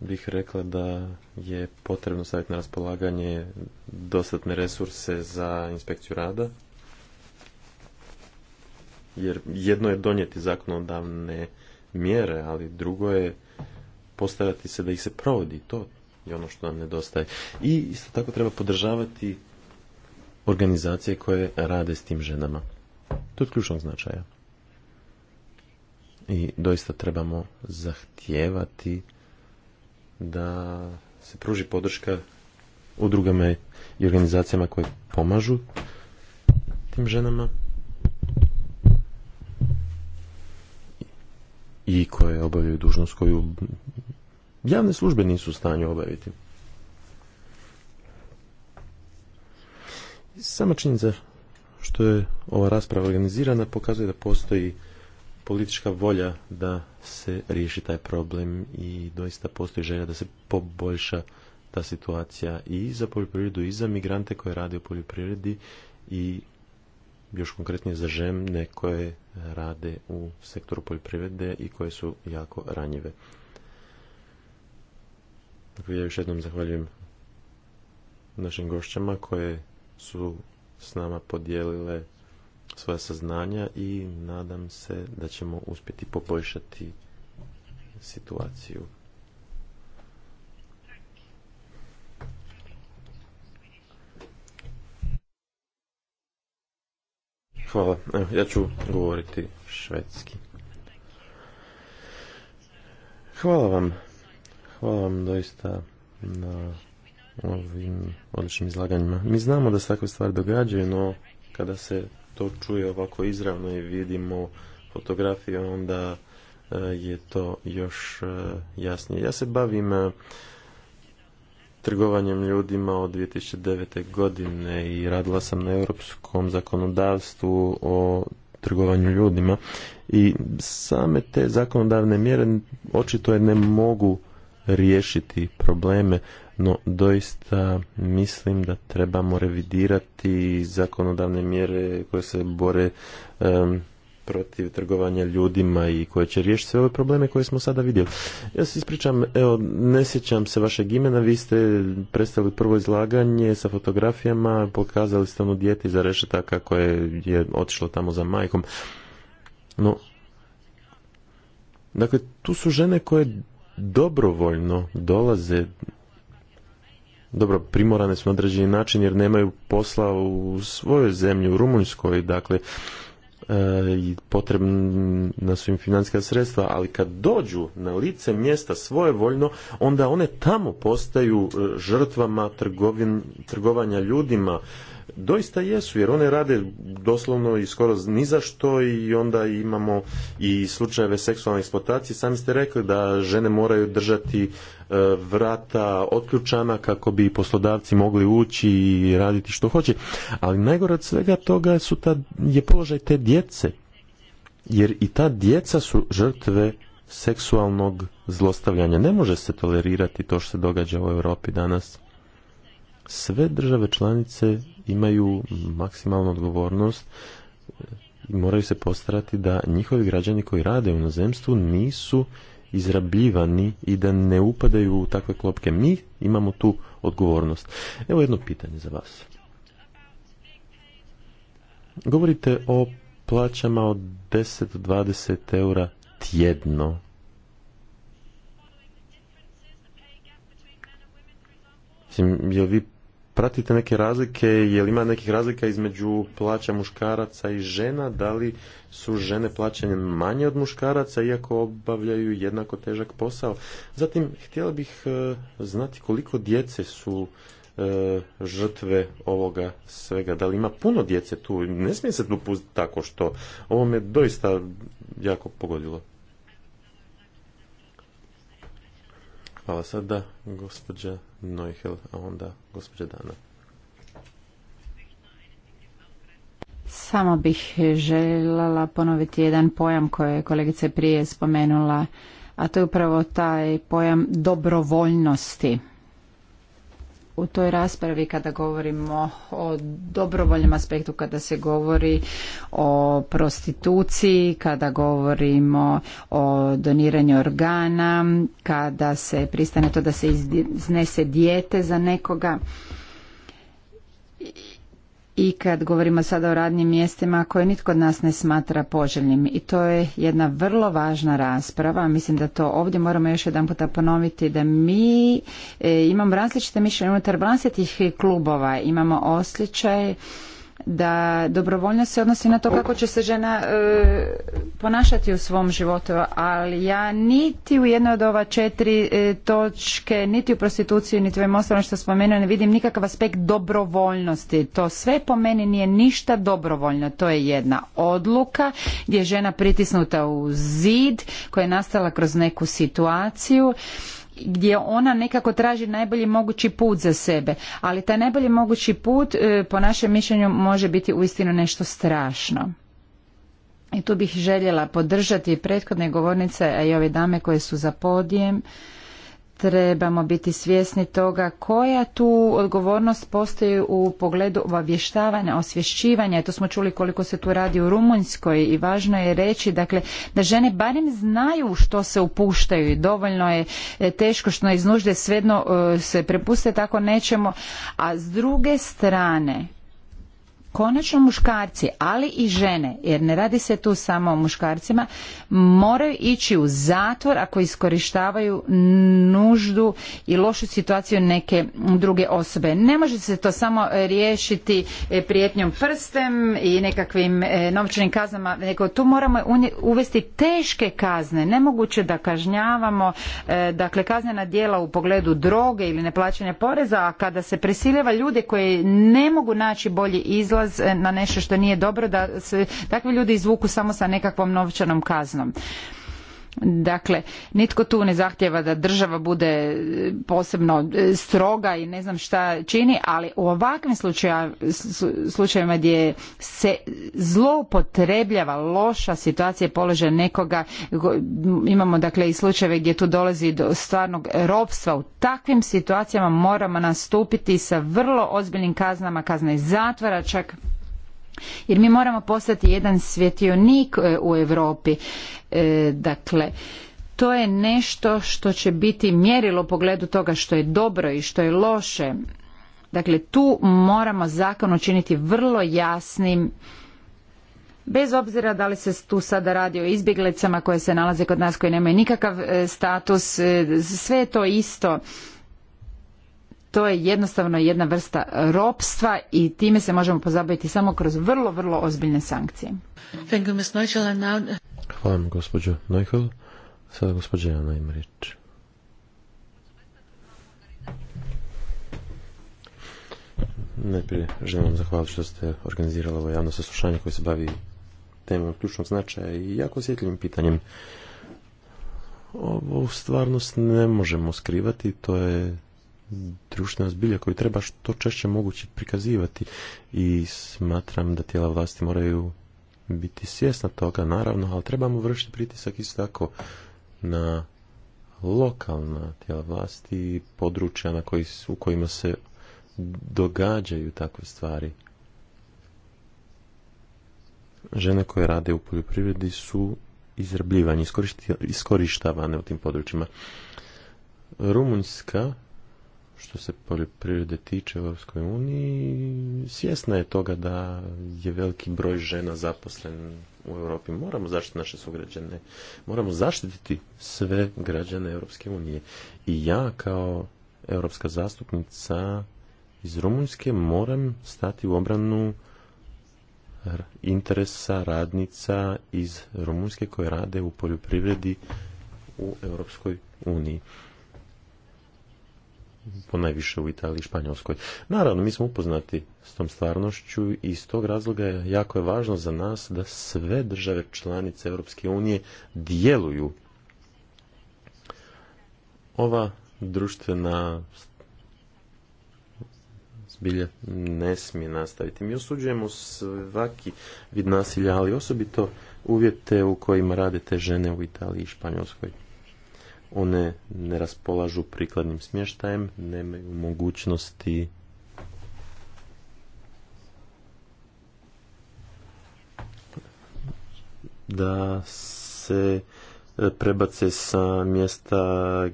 bih rekla da je potrebno staviti na raspolaganje dostatne resurse za inspekciju rada jer jedno je donijeti zakonodavne mjere, ali drugo je postaviti se da ih se provodi. To je ono što nam nedostaje. I isto tako treba podržavati organizacije koje rade s tim ženama. To je ključnog značaja. I doista trebamo zahtijevati da se pruži podrška udrugama i organizacijama koje pomažu tim ženama i koje obavljaju dužnost koju javne službe nisu u stanju obaviti. Sama činjenica što je ova rasprava organizirana pokazuje da postoji politička volja da se riješi taj problem i doista postoji želja da se poboljša ta situacija i za poljoprivredu i za migrante koji rade u poljoprivredi i još konkretnije za žemne koje rade u sektoru poljoprivrede i koje su jako ranjive. Dakle, ja još jednom zahvaljujem našim gošćama koje su s nama podijelile svoja saznanja i nadam se da ćemo uspjeti poboljšati situaciju. Hvala. ja ću govoriti švedski. Hvala vam. Hvala vam doista na ovim odličnim izlaganjima. Mi znamo da se takve stvari događaju, no kada se to čuje ovako izravno i vidimo fotografije, onda e, je to još e, jasnije. Ja se bavim e, trgovanjem ljudima od 2009. godine i radila sam na europskom zakonodavstvu o trgovanju ljudima i same te zakonodavne mjere očito je ne mogu riješiti probleme, no doista mislim da trebamo revidirati zakonodavne mjere koje se bore protiv trgovanja ljudima i koje će riješiti sve ove probleme koje smo sada vidjeli. Ja se ispričam, evo, ne sjećam se vašeg imena, vi ste predstavili prvo izlaganje sa fotografijama, pokazali ste ono djeti za rešetaka koje je otišlo tamo za majkom. No, dakle, tu su žene koje dobrovoljno dolaze dobro, primorane su na određeni način jer nemaju posla u svojoj zemlji, u Rumunjskoj, dakle, E, i potrebna su im financijska sredstva, ali kad dođu na lice mjesta svojevoljno, onda one tamo postaju e, žrtvama trgovanja ljudima, doista jesu, jer one rade doslovno i skoro ni za što i onda imamo i slučajeve seksualne eksploatacije. Sami ste rekli da žene moraju držati e, vrata otključana kako bi poslodavci mogli ući i raditi što hoće. Ali najgore od svega toga su ta, je položaj te djece. Jer i ta djeca su žrtve seksualnog zlostavljanja. Ne može se tolerirati to što se događa u Europi danas. Sve države članice imaju maksimalnu odgovornost i e, moraju se postarati da njihovi građani koji rade u inozemstvu nisu izrabljivani i da ne upadaju u takve klopke. Mi imamo tu odgovornost. Evo jedno pitanje za vas. Govorite o plaćama od 10-20 eura tjedno. Mislim, jel vi pratite neke razlike, je li ima nekih razlika između plaća muškaraca i žena, da li su žene plaćene manje od muškaraca iako obavljaju jednako težak posao. Zatim, htjela bih e, znati koliko djece su e, žrtve ovoga svega. Da li ima puno djece tu? Ne smije se dopustiti tako što. Ovo me doista jako pogodilo. Hvala sada gospođa Neuhel, a onda gospođa Dana. Samo bih željela ponoviti jedan pojam koji je kolegica prije spomenula, a to je upravo taj pojam dobrovoljnosti u toj raspravi kada govorimo o dobrovoljnom aspektu, kada se govori o prostituciji, kada govorimo o doniranju organa, kada se pristane to da se iznese dijete za nekoga i kad govorimo sada o radnim mjestima koje nitko od nas ne smatra poželjnim i to je jedna vrlo važna rasprava mislim da to ovdje moramo još jedan puta ponoviti da mi e, imamo različite mišljenje unutar vlastitih klubova imamo osjećaj da dobrovoljno se odnosi na to kako će se žena e, ponašati u svom životu, ali ja niti u jednoj od ova četiri e, točke, niti u prostituciji, niti u ovim ostalom što spomenuo, ne vidim nikakav aspekt dobrovoljnosti. To sve po meni nije ništa dobrovoljno. To je jedna odluka gdje je žena pritisnuta u zid koja je nastala kroz neku situaciju gdje ona nekako traži najbolji mogući put za sebe. Ali taj najbolji mogući put, e, po našem mišljenju, može biti uistinu nešto strašno. I tu bih željela podržati prethodne govornice, a i ove dame koje su za podijem, trebamo biti svjesni toga koja tu odgovornost postoji u pogledu obavještavanja, osvješćivanja. To smo čuli koliko se tu radi u Rumunjskoj i važno je reći dakle, da žene barem znaju što se upuštaju i dovoljno je e, teško što iz nužde svedno e, se prepuste tako nećemo, A s druge strane, konačno muškarci, ali i žene, jer ne radi se tu samo o muškarcima, moraju ići u zatvor ako iskorištavaju nuždu i lošu situaciju neke druge osobe. Ne može se to samo riješiti e, prijetnjom prstem i nekakvim e, novčanim kaznama, nego tu moramo uvesti teške kazne. Nemoguće da kažnjavamo e, dakle kaznena djela u pogledu droge ili neplaćanja poreza, a kada se prisiljava ljude koji ne mogu naći bolji izlaz na nešto što nije dobro da se takvi ljudi izvuku samo sa nekakvom novčanom kaznom. Dakle, nitko tu ne zahtjeva da država bude e, posebno e, stroga i ne znam šta čini, ali u ovakvim slučajevima gdje se zloupotrebljava loša situacija položaja nekoga, imamo dakle i slučajeve gdje tu dolazi do stvarnog ropstva, u takvim situacijama moramo nastupiti sa vrlo ozbiljnim kaznama, kazne zatvora čak jer mi moramo postati jedan svjetionik e, u Europi. E, dakle, to je nešto što će biti mjerilo u pogledu toga što je dobro i što je loše. Dakle, tu moramo zakon učiniti vrlo jasnim bez obzira da li se tu sada radi o izbjeglicama koje se nalaze kod nas koji nemaju nikakav e, status, sve je to isto to je jednostavno jedna vrsta ropstva i time se možemo pozabaviti samo kroz vrlo, vrlo ozbiljne sankcije. Hvala vam, gospođo Neuchel. Sada gospođa Jana ima Najprije želim vam zahvaliti što ste organizirali ovo javno saslušanje koje se bavi temom ključnog značaja i jako osjetljivim pitanjem. Ovu stvarnost ne možemo skrivati, to je društvena zbilja koju treba što češće moguće prikazivati i smatram da tijela vlasti moraju biti svjesna toga, naravno, ali trebamo vršiti pritisak isto tako na lokalna tijela vlasti i područja na koji, u kojima se događaju takve stvari. Žene koje rade u poljoprivredi su izrbljivanje, iskorištavane u tim područjima. Rumunjska što se poljoprivrede tiče u Europskoj uniji, svjesna je toga da je veliki broj žena zaposlen u Europi. Moramo zaštititi naše sugrađane, moramo zaštititi sve građane Europske unije. I ja kao europska zastupnica iz Rumunjske moram stati u obranu interesa radnica iz Rumunjske koje rade u poljoprivredi u Europskoj uniji ponajviše u Italiji i Španjolskoj. Naravno, mi smo upoznati s tom stvarnošću i iz tog razloga je jako je važno za nas da sve države članice Europske unije djeluju. Ova društvena zbilja ne smije nastaviti. Mi osuđujemo svaki vid nasilja, ali osobito uvjete u kojima rade te žene u Italiji i Španjolskoj one ne raspolažu prikladnim smještajem, nemaju mogućnosti da se e, prebace sa mjesta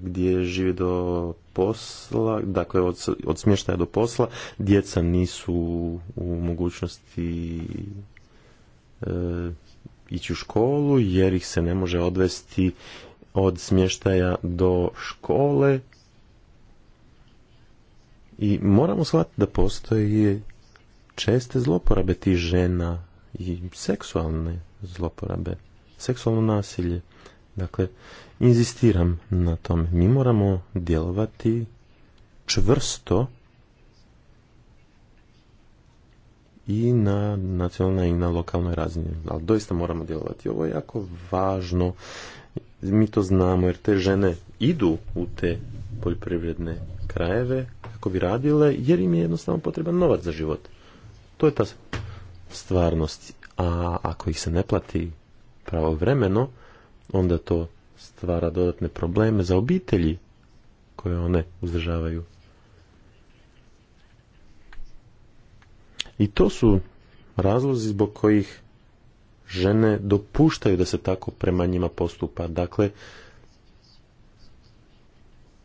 gdje žive do posla, dakle od, smještaja do posla, djeca nisu u mogućnosti e, ići u školu jer ih se ne može odvesti od smještaja do škole i moramo shvatiti da postoje česte zloporabe tih žena i seksualne zloporabe, seksualno nasilje. Dakle, inzistiram na tome. Mi moramo djelovati čvrsto i na nacionalnoj i na lokalnoj razini. Ali doista moramo djelovati. Ovo je jako važno mi to znamo jer te žene idu u te poljoprivredne krajeve kako bi radile jer im je jednostavno potreban novac za život. To je ta stvarnost. A ako ih se ne plati pravovremeno, onda to stvara dodatne probleme za obitelji koje one uzdržavaju. I to su razlozi zbog kojih žene dopuštaju da se tako prema njima postupa. Dakle,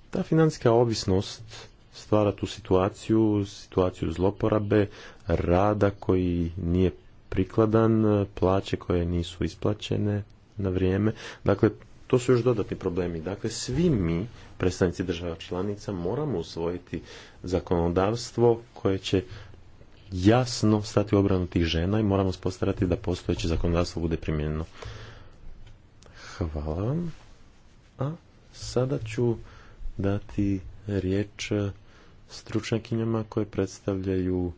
ta financijska ovisnost stvara tu situaciju, situaciju zloporabe, rada koji nije prikladan, plaće koje nisu isplaćene na vrijeme. Dakle, to su još dodatni problemi. Dakle, svi mi, predstavnici država članica, moramo usvojiti zakonodavstvo koje će jasno stati u obranu tih žena i moramo spostarati da postojeće zakonodavstvo bude primijenjeno. Hvala vam. A sada ću dati riječ stručnjakinjama koje predstavljaju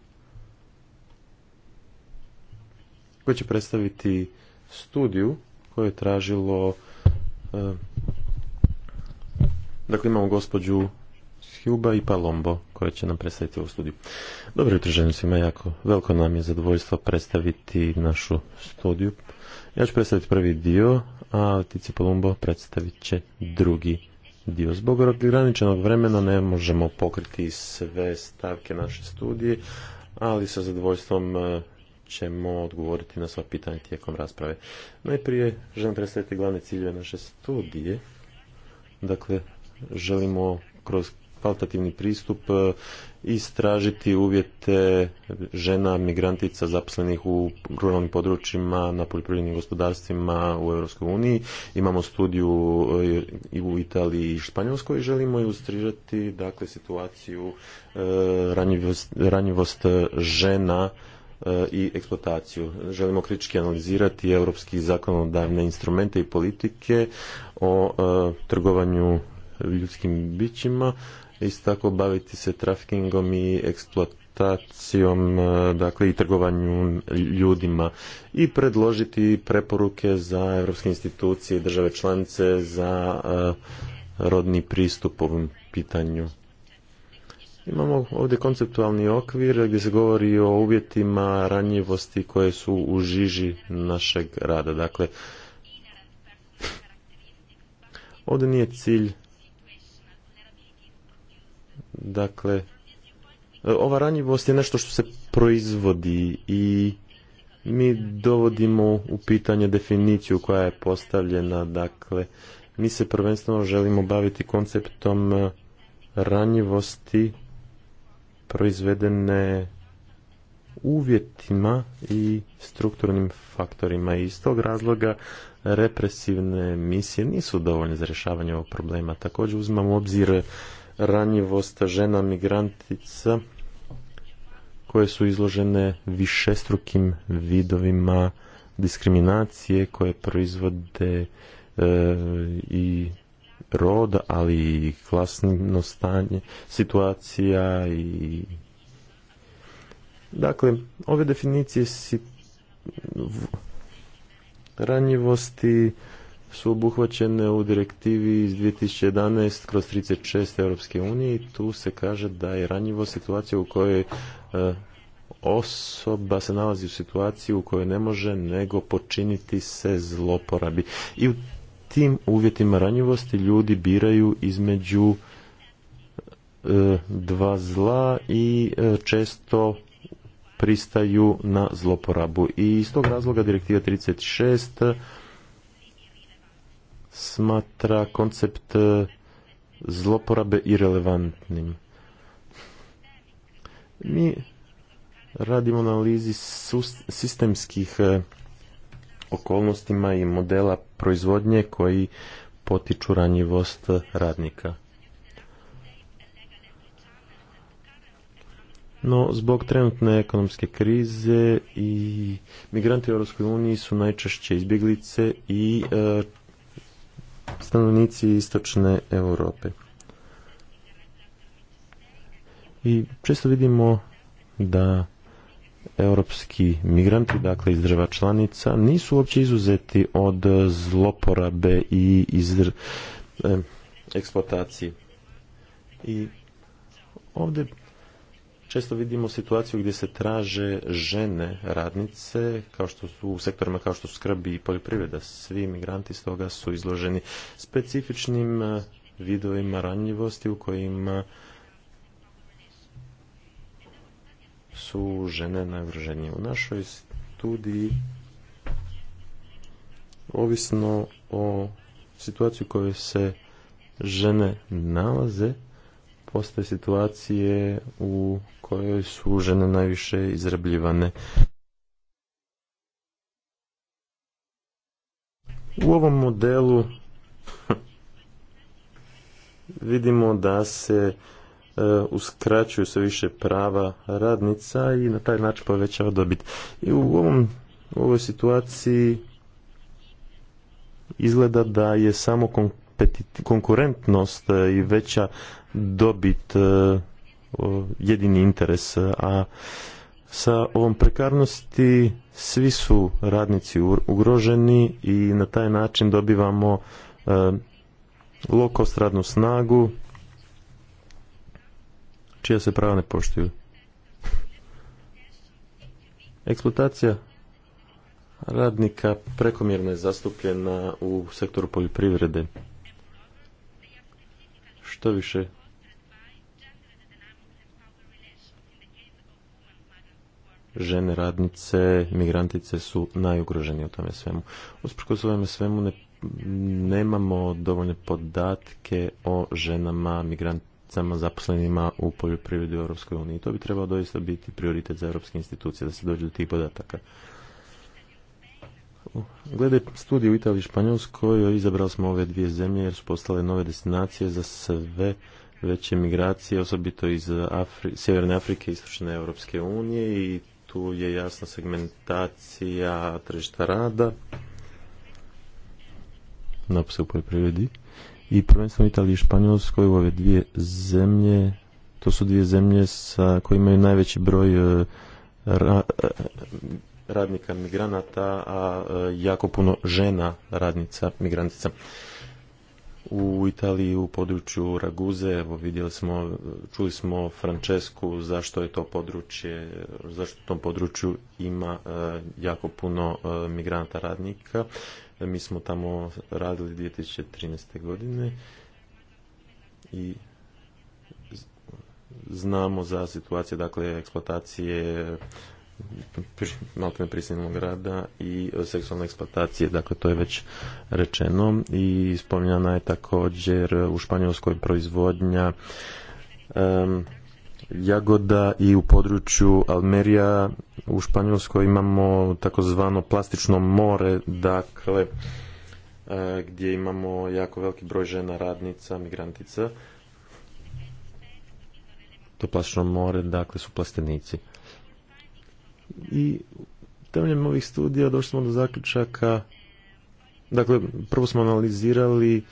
koje će predstaviti studiju koje je tražilo eh, Dakle, imamo gospođu Hjuba i Palombo koje će nam predstaviti ovu studiju. Dobro jutro želim svima jako. Veliko nam je zadovoljstvo predstaviti našu studiju. Ja ću predstaviti prvi dio, a Tici Palombo predstavit će drugi dio. Zbog ograničenog vremena ne možemo pokriti sve stavke naše studije, ali sa zadovoljstvom e, ćemo odgovoriti na sva pitanja tijekom rasprave. Najprije želim predstaviti glavne ciljeve naše studije. Dakle, želimo kroz kvalitativni pristup, e, istražiti uvjete žena migrantica zaposlenih u ruralnim područjima, na poljoprivrednim gospodarstvima u EU. Imamo studiju e, i u Italiji i Španjolskoj i želimo ilustrirati dakle, situaciju e, ranjivost, ranjivost žena i eksploataciju. Želimo kritički analizirati europski zakonodavne instrumente i politike o trgovanju ljudskim bićima isto tako baviti se trafikingom i eksploatacijom, e, dakle i trgovanju ljudima i predložiti preporuke za europske institucije i države članice za e, rodni pristup ovom pitanju. Imamo ovdje konceptualni okvir gdje se govori o uvjetima ranjivosti koje su u žiži našeg rada. Dakle, ovdje nije cilj Dakle, e, ova ranjivost je nešto što se proizvodi i mi dovodimo u pitanje definiciju koja je postavljena. Dakle, mi se prvenstveno želimo baviti konceptom e, ranjivosti proizvedene uvjetima i strukturnim faktorima. I iz tog razloga represivne misije nisu dovoljne za rješavanje ovog problema. Također uzmamo u obzir ranjivost žena migrantica koje su izložene višestrukim vidovima diskriminacije koje proizvode e, i rod, ali i klasno stanje, situacija i... Dakle, ove definicije si... ranjivosti su obuhvaćene u direktivi iz 2011 kroz 36 Europske unije i tu se kaže da je ranjivo situacija u kojoj e, osoba se nalazi u situaciji u kojoj ne može nego počiniti se zloporabi. I u tim uvjetima ranjivosti ljudi biraju između e, dva zla i e, često pristaju na zloporabu. I iz tog razloga direktiva 36 smatra koncept e, zloporabe irelevantnim. Mi radimo na analizi sistemskih e, okolnostima i modela proizvodnje koji potiču ranjivost radnika. No, zbog trenutne ekonomske krize i migranti u EU su najčešće izbjeglice i e, stanovnici istočne Europe. I često vidimo da europski migranti, dakle iz država članica, nisu uopće izuzeti od zloporabe i iz eksploatacije. I ovdje Često vidimo situaciju gdje se traže žene radnice kao što su u sektorima kao što su skrbi i poljoprivreda. Svi migranti stoga su izloženi specifičnim e, vidovima ranjivosti u kojima su žene najugroženije. U našoj studiji ovisno o situaciji u kojoj se žene nalaze postoje situacije u kojoj su žene najviše izrabljivane. U ovom modelu [LAUGHS] vidimo da se e, uskraćuju sve više prava radnica i na taj način povećava dobit. I u, ovom, u ovoj situaciji izgleda da je samo konkurentnost i veća dobit e, jedini interes, e, a sa ovom prekarnosti svi su radnici ugroženi i na taj način dobivamo e, lokost radnu snagu čija se prava ne poštuju. Eksploatacija radnika prekomjerno je zastupljena u sektoru poljoprivrede. Što više, žene radnice, migrantice su najugroženije u tome svemu. Usprkos ovome svemu nemamo dovoljne podatke o ženama, migranticama, zaposlenima u poljoprivredi u EU. To bi trebalo doista biti prioritet za europske institucije da se dođe do tih podataka. Glede studiju u Italiji i Španjolskoj, izabrali smo ove dvije zemlje jer su postale nove destinacije za sve veće migracije, osobito iz Sjeverne Afrike i Istočne Europske unije i tu je jasna segmentacija tržišta rada, napose u poljoprivredi, i prvenstveno Italiji i Španjolskoj u ove dvije zemlje, to su dvije zemlje sa koje imaju najveći broj e, e, radnika migranata, a e, jako puno žena radnica migrantica u Italiji u području Raguze, evo vidjeli smo, čuli smo Francesku zašto je to područje, zašto u tom području ima e, jako puno e, migranta radnika. Mi smo tamo radili 2013. godine i znamo za situacije dakle eksploatacije maltene prisilnog rada i seksualne eksploatacije. Dakle, to je već rečeno i spominjana je također u Španjolskoj proizvodnja jagoda i u području Almerija u Španjolskoj imamo takozvano plastično more, dakle e, gdje imamo jako veliki broj žena, radnica, migrantica. To plastično more, dakle su plastenici. I temeljem ovih studija došli smo do zaključaka, dakle prvo smo analizirali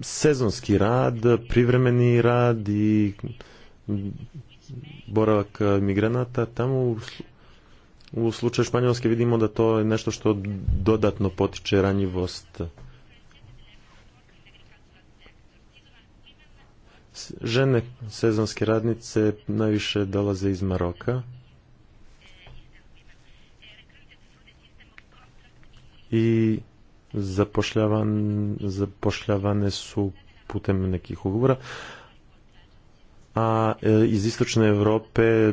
sezonski rad, privremeni rad i boravak migranata tamo u, u slučaju Španjolske vidimo da to je nešto što dodatno potiče ranjivost. Žene sezonske radnice najviše dolaze iz Maroka. i zapošljavan, zapošljavane su putem nekih ugovora a e, iz istočne Europe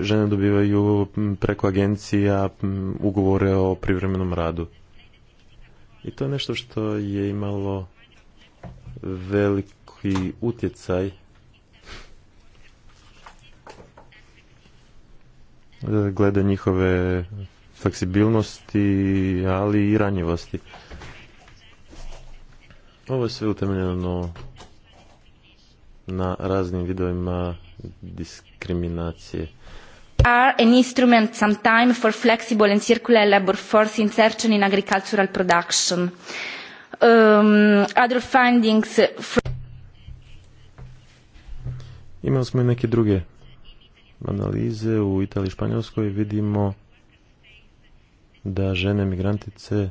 žene dobivaju preko agencija ugovore o privremenom radu. I to je nešto što je imalo veliki utjecaj glede njihove fleksibilnosti, ali i ranjivosti. Ovo je sve utemeljeno na raznim vidovima diskriminacije. Are an instrument sometime for flexible and circular labor force insertion in agricultural production. Um, other findings Imali smo i neke druge analize u Italiji i Španjolskoj. Vidimo da žene migrantice e,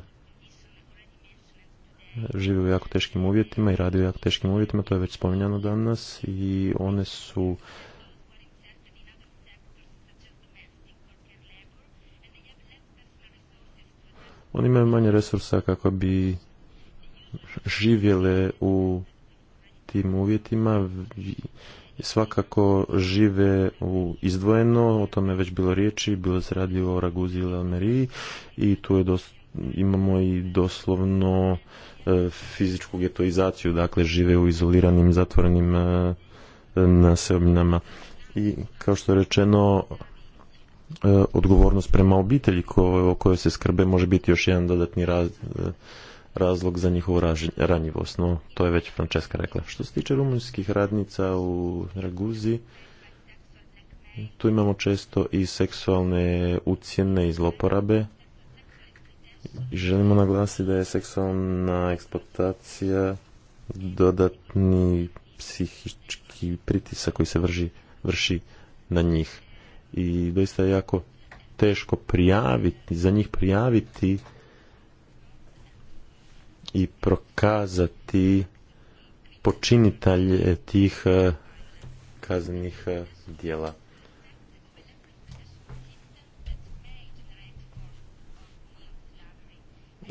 žive u jako teškim uvjetima i rade u jako teškim uvjetima, to je već spominjano danas i one su Oni imaju manje resursa kako bi živjele u tim uvjetima svakako žive u izdvojeno, o tome je već bilo riječi, bilo se radi o Raguzi ili Almeriji i tu je dos, imamo i doslovno e, fizičku getoizaciju, dakle žive u izoliranim, zatvorenim e, I kao što je rečeno, e, odgovornost prema obitelji ko, o kojoj se skrbe može biti još jedan dodatni raz, e, razlog za njihovu ranjivost. No, to je već Francesca rekla. Što se tiče rumunjskih radnica u Raguzi, tu imamo često i seksualne ucijene i zloporabe. Želimo naglasiti da je seksualna eksploatacija dodatni psihički pritisak koji se vrši, vrši na njih. I doista je jako teško prijaviti, za njih prijaviti i prokazati počinitelje eh, tih eh, kaznenih eh, dijela.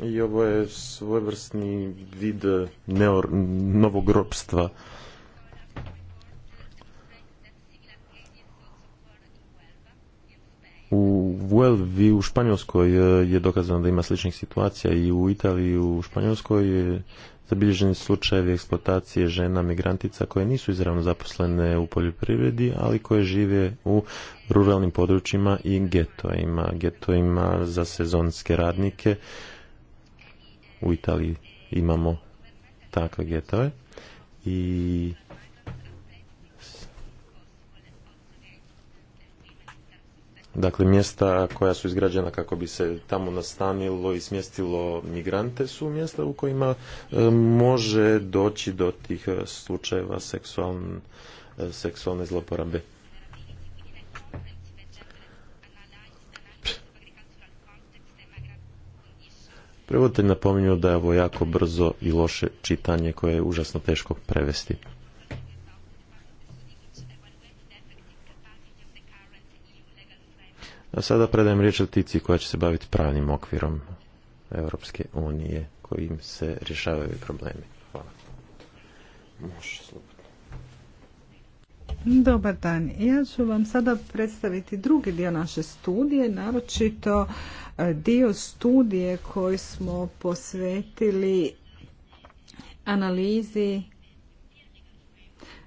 I ovo je svojvrsni vid neor, novog ropstva. U u Vuelvi u Španjolskoj e, je dokazano da ima sličnih situacija i u Italiji u Španjolskoj je zabilježeni slučajevi eksploatacije žena migrantica koje nisu izravno zaposlene u poljoprivredi, ali koje žive u ruralnim područjima i getojima, ima za sezonske radnike. U Italiji imamo takve getove i Dakle, mjesta koja su izgrađena kako bi se tamo nastanilo i smjestilo migrante su mjesta u kojima e, može doći do tih e, slučajeva seksualne, seksualne zloporabe. Prevoditelj napominju da je ovo jako brzo i loše čitanje koje je užasno teško prevesti. A sada predajem riječ o tici koja će se baviti pravnim okvirom Europske unije kojim se rješavaju problemi. Hvala. Može Dobar dan. Ja ću vam sada predstaviti drugi dio naše studije, naročito e, dio studije koji smo posvetili analizi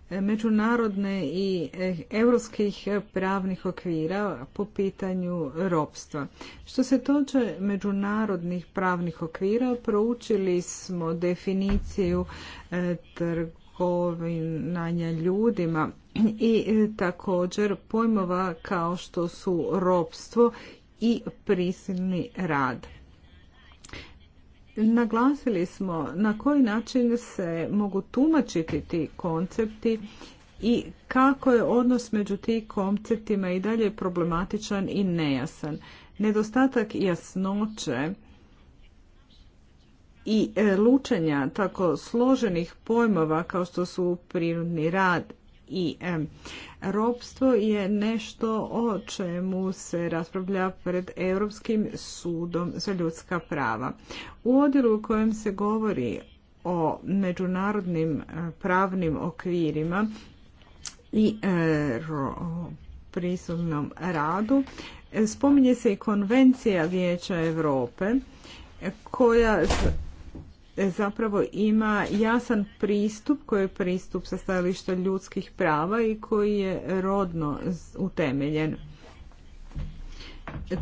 međunarodne i e, europskih pravnih okvira po pitanju ropstva. Što se toče međunarodnih pravnih okvira, proučili smo definiciju e, trgovinanja ljudima i e, također pojmova kao što su ropstvo i prisilni rad. Naglasili smo na koji način se mogu tumačiti ti koncepti i kako je odnos među ti konceptima i dalje problematičan i nejasan. Nedostatak jasnoće i e, lučenja tako složenih pojmova kao što su prirodni rad i ropstvo je nešto o čemu se raspravlja pred Europskim sudom za ljudska prava. U odjelu u kojem se govori o međunarodnim e, pravnim okvirima i e, prisutnom radu e, spominje se i konvencija Vijeća Europe koja E, zapravo ima jasan pristup koji je pristup sa stajališta ljudskih prava i koji je rodno utemeljen.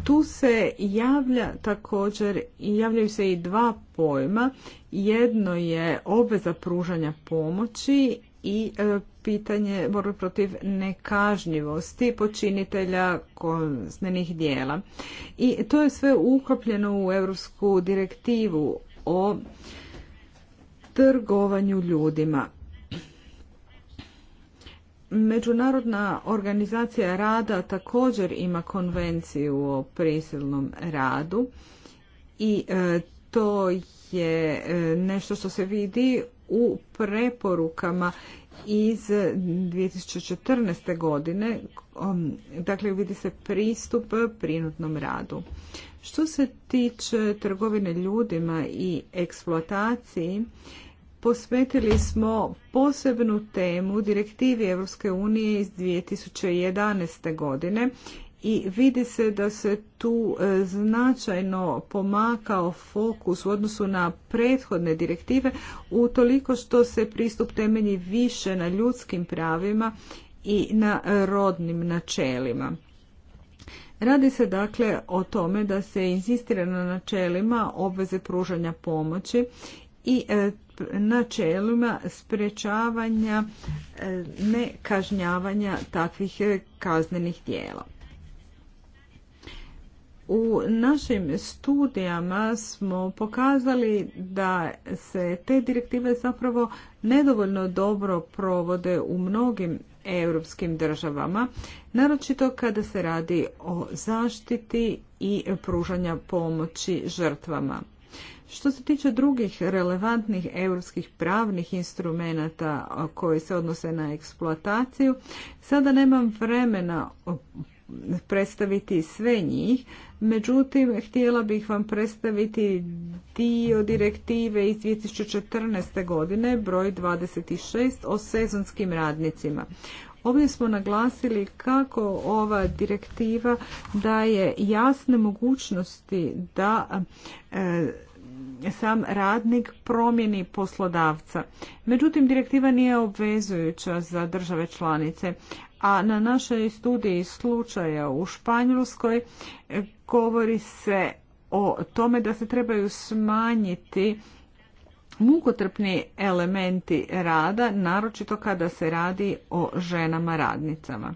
Tu se javlja također javljaju se i dva pojma. Jedno je obveza pružanja pomoći i e, pitanje borbe protiv nekažnjivosti počinitelja kaznenih dijela. I to je sve ukopljeno u Europsku direktivu o trgovanju ljudima. Međunarodna organizacija rada također ima konvenciju o prisilnom radu i e, to je e, nešto što se vidi u preporukama iz 2014. godine, um, dakle vidi se pristup prinutnom radu. Što se tiče trgovine ljudima i eksploataciji, posvetili smo posebnu temu direktivi Europske unije iz 2011. godine i vidi se da se tu e, značajno pomakao fokus u odnosu na prethodne direktive u što se pristup temelji više na ljudskim pravima i na rodnim načelima. Radi se dakle o tome da se insistira na načelima obveze pružanja pomoći i e, načelima sprečavanja e, nekažnjavanja takvih e, kaznenih dijela. U našim studijama smo pokazali da se te direktive zapravo nedovoljno dobro provode u mnogim europskim državama, naročito kada se radi o zaštiti i pružanja pomoći žrtvama. Što se tiče drugih relevantnih europskih pravnih instrumenata koji se odnose na eksploataciju, sada nemam vremena predstaviti sve njih, međutim htjela bih vam predstaviti dio direktive iz 2014. godine broj 26 o sezonskim radnicima. Ovdje smo naglasili kako ova direktiva daje jasne mogućnosti da e, sam radnik promjeni poslodavca. Međutim, direktiva nije obvezujuća za države članice, a na našoj studiji slučaja u Španjolskoj govori se o tome da se trebaju smanjiti mukotrpni elementi rada, naročito kada se radi o ženama radnicama.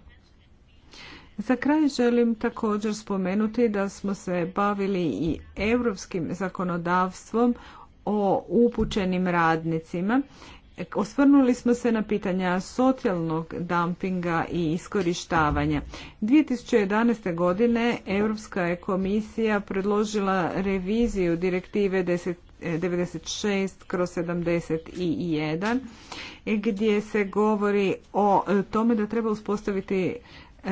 Za kraj želim također spomenuti da smo se bavili i europskim zakonodavstvom o upućenim radnicima. Osvrnuli smo se na pitanja socijalnog dumpinga i iskorištavanja. 2011. godine Europska je komisija predložila reviziju direktive 10 96 kroz 1 gdje se govori o tome da treba uspostaviti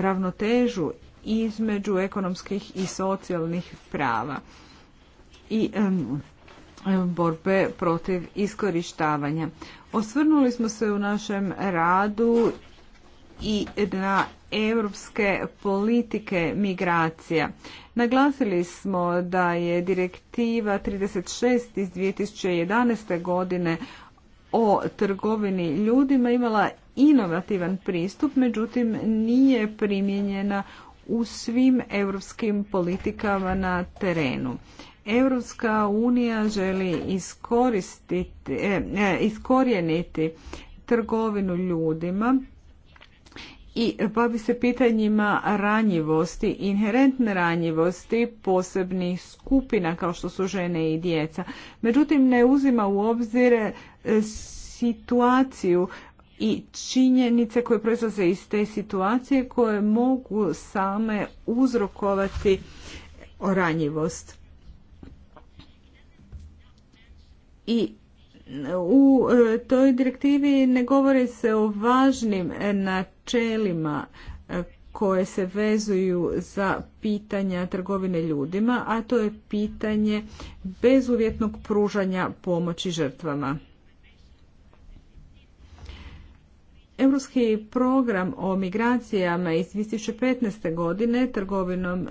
ravnotežu između ekonomskih i socijalnih prava i borbe protiv iskorištavanja. Osvrnuli smo se u našem radu i na europske politike migracija. Naglasili smo da je direktiva 36 iz 2011. godine o trgovini ljudima imala inovativan pristup, međutim nije primijenjena u svim europskim politikama na terenu. Europska unija želi iskoristiti, e, e, iskorijeniti trgovinu ljudima i bavi se pitanjima ranjivosti, inherentne ranjivosti posebnih skupina kao što su žene i djeca. Međutim, ne uzima u obzir situaciju i činjenice koje proizlaze iz te situacije koje mogu same uzrokovati ranjivost. I u e, toj direktivi ne govori se o važnim načelima e, koje se vezuju za pitanja trgovine ljudima, a to je pitanje bezuvjetnog pružanja pomoći žrtvama. Europski program o migracijama iz 2015. godine trgovinom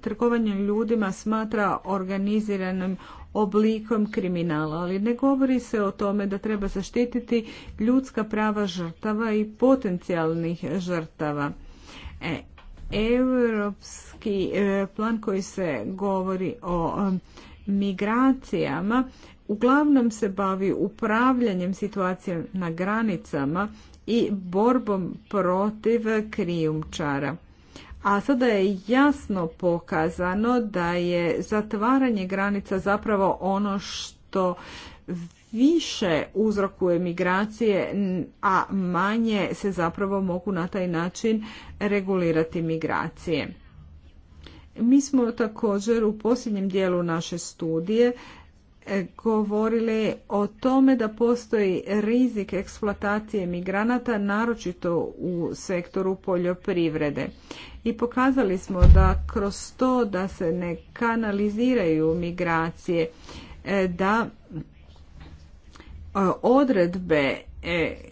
trgovanjem ljudima smatra organiziranim oblikom kriminala, ali ne govori se o tome da treba zaštititi ljudska prava žrtava i potencijalnih žrtava. E, europski e, plan koji se govori o e, migracijama uglavnom se bavi upravljanjem situacije na granicama i borbom protiv krijumčara. A sada je jasno pokazano da je zatvaranje granica zapravo ono što više uzrokuje migracije, a manje se zapravo mogu na taj način regulirati migracije. Mi smo također u posljednjem dijelu naše studije E, govorili o tome da postoji rizik eksploatacije migranata, naročito u sektoru poljoprivrede. I pokazali smo da kroz to da se ne kanaliziraju migracije, e, da e, odredbe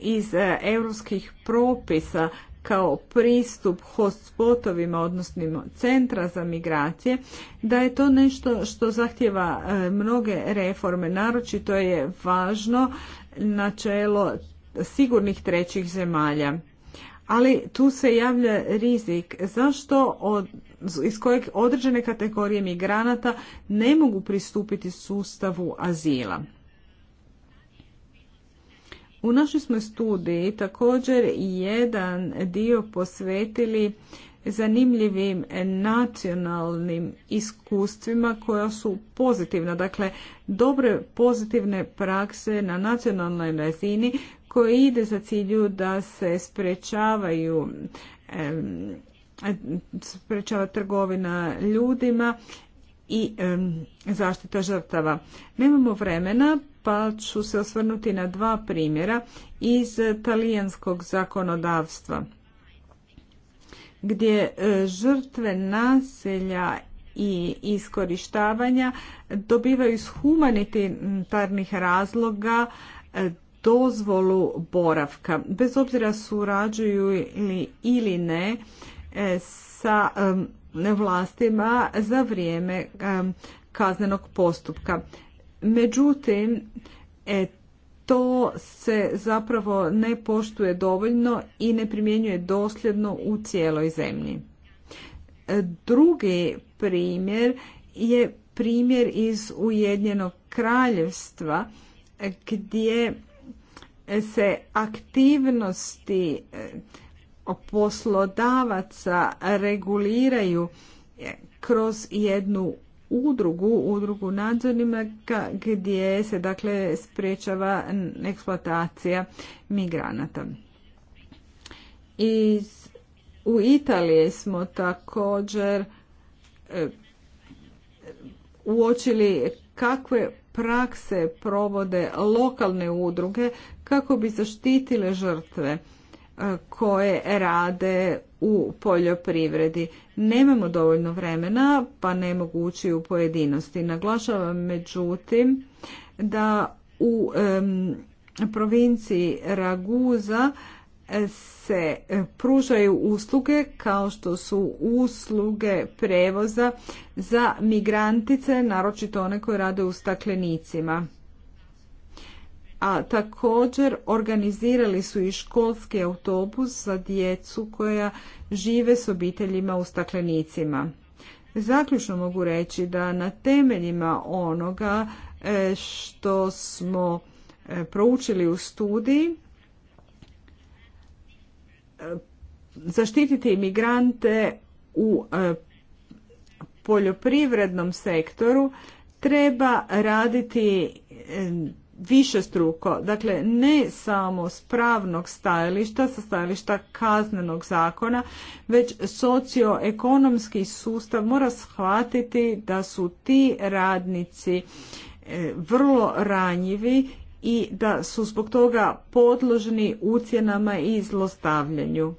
iz europskih propisa kao pristup hotspotovima, odnosno centra za migracije, da je to nešto što zahtjeva e, mnoge reforme. Naročito je važno načelo sigurnih trećih zemalja. Ali tu se javlja rizik. Zašto od, iz kojeg određene kategorije migranata ne mogu pristupiti sustavu azila? U našoj smo studiji također jedan dio posvetili zanimljivim nacionalnim iskustvima koja su pozitivna, dakle dobre pozitivne prakse na nacionalnoj razini koje ide za cilju da se sprečavaju sprečava trgovina ljudima i zaštita žrtava. Nemamo vremena pa ću se osvrnuti na dva primjera iz talijanskog zakonodavstva gdje e, žrtve naselja i iskorištavanja dobivaju iz humanitarnih razloga e, dozvolu boravka bez obzira surađuju ili ne e, sa vlastima za vrijeme kaznenog postupka Međutim, e, to se zapravo ne poštuje dovoljno i ne primjenjuje dosljedno u cijeloj zemlji. E, drugi primjer je primjer iz Ujedinjenog kraljevstva gdje se aktivnosti e, poslodavaca reguliraju kroz jednu udrugu, udrugu nadzornika gdje se dakle sprečava eksploatacija migranata. Iz, u Italiji smo također e, uočili kakve prakse provode lokalne udruge kako bi zaštitile žrtve e, koje rade u poljoprivredi. Nemamo dovoljno vremena, pa ne mogu ući u pojedinosti. Naglašavam međutim da u provinciji Raguza e, se e, pružaju usluge kao što su usluge prevoza za migrantice, naročito one koje rade u staklenicima a također organizirali su i školski autobus za djecu koja žive s obiteljima u staklenicima. Zaključno mogu reći da na temeljima onoga e, što smo e, proučili u studiji e, zaštititi imigrante u poljoprivrednom sektoru treba raditi više struko, dakle ne samo s pravnog stajališta, sa stajališta kaznenog zakona, već socioekonomski sustav mora shvatiti da su ti radnici e, vrlo ranjivi i da su zbog toga podložni ucjenama i zlostavljanju.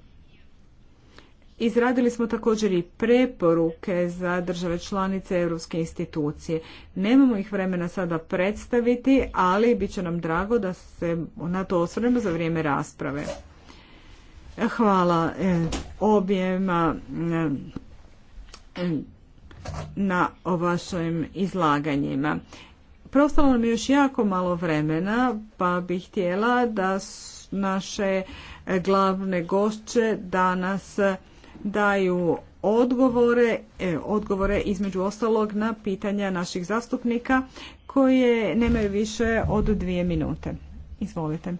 Izradili smo također i preporuke za države članice europske institucije. Nemamo ih vremena sada predstaviti, ali bit će nam drago da se na to osvrnemo za vrijeme rasprave. Hvala e, objema e, na vašim izlaganjima. Prostalo nam je još jako malo vremena, pa bih htjela da naše glavne gošće danas daju odgovore, e, odgovore između ostalog na pitanja naših zastupnika koje nemaju više od dvije minute. Izvolite.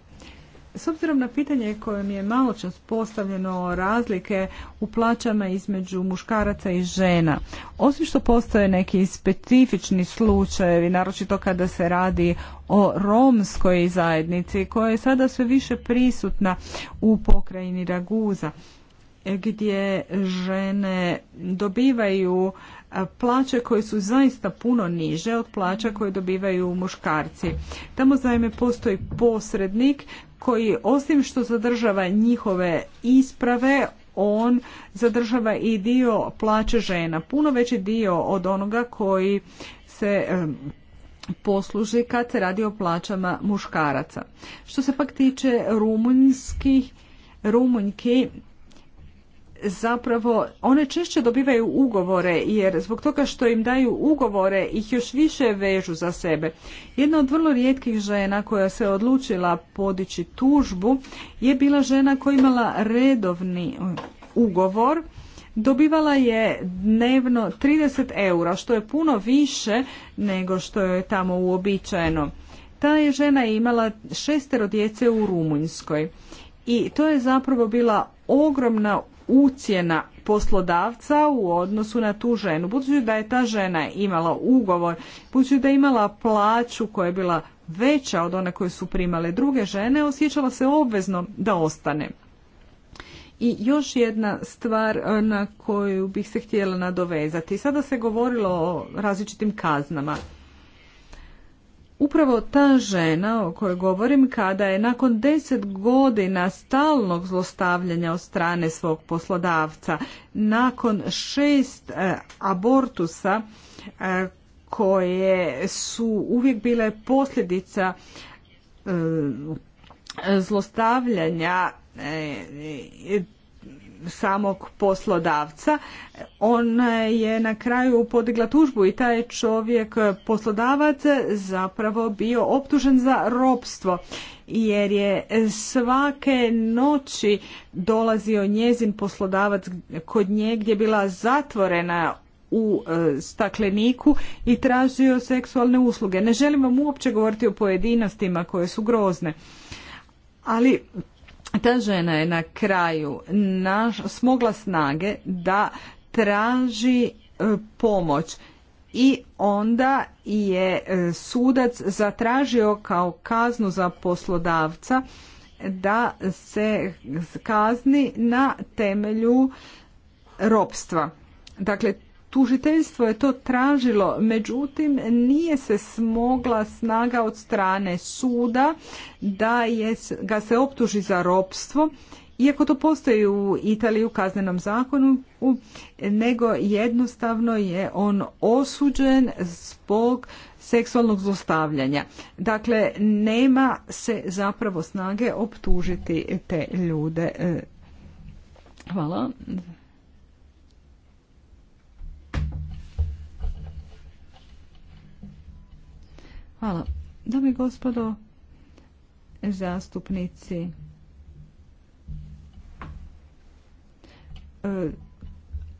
S obzirom na pitanje koje mi je malo čas postavljeno razlike u plaćama između muškaraca i žena, osim što postoje neki specifični slučajevi, naročito kada se radi o romskoj zajednici koja je sada sve više prisutna u pokrajini Raguza, gdje žene dobivaju plaće koje su zaista puno niže od plaća koje dobivaju muškarci. Tamo zaime postoji posrednik koji osim što zadržava njihove isprave, on zadržava i dio plaće žena, puno veći dio od onoga koji se posluži kad se radi o plaćama muškaraca. Što se pak tiče rumunjskih Rumunjki zapravo one češće dobivaju ugovore jer zbog toga što im daju ugovore ih još više vežu za sebe. Jedna od vrlo rijetkih žena koja se odlučila podići tužbu je bila žena koja imala redovni um, ugovor. Dobivala je dnevno 30 eura što je puno više nego što je tamo uobičajeno. Ta je žena imala šestero djece u Rumunjskoj i to je zapravo bila ogromna ucjena poslodavca u odnosu na tu ženu. Budući da je ta žena imala ugovor, budući da je imala plaću koja je bila veća od one koje su primale druge žene, osjećala se obvezno da ostane. I još jedna stvar e, na koju bih se htjela nadovezati. Sada se govorilo o različitim kaznama. Upravo ta žena o kojoj govorim kada je nakon deset godina stalnog zlostavljanja od strane svog poslodavca, nakon šest e, abortusa e, koje su uvijek bile posljedica e, zlostavljanja e, samog poslodavca. Ona je na kraju podigla tužbu i taj čovjek poslodavac zapravo bio optužen za ropstvo jer je svake noći dolazio njezin poslodavac kod nje gdje je bila zatvorena u e, stakleniku i tražio seksualne usluge. Ne želim vam uopće govoriti o pojedinostima koje su grozne. Ali ta žena je na kraju naš, smogla snage da traži e, pomoć i onda je e, sudac zatražio kao kaznu za poslodavca da se kazni na temelju ropstva. Dakle, Tužiteljstvo je to tražilo, međutim nije se smogla snaga od strane suda da je, ga se optuži za ropstvo, iako to postoji u Italiji u kaznenom zakonu, nego jednostavno je on osuđen zbog seksualnog zlostavljanja. Dakle, nema se zapravo snage optužiti te ljude. E, hvala. Hvala. Dame i gospodo, zastupnici, e,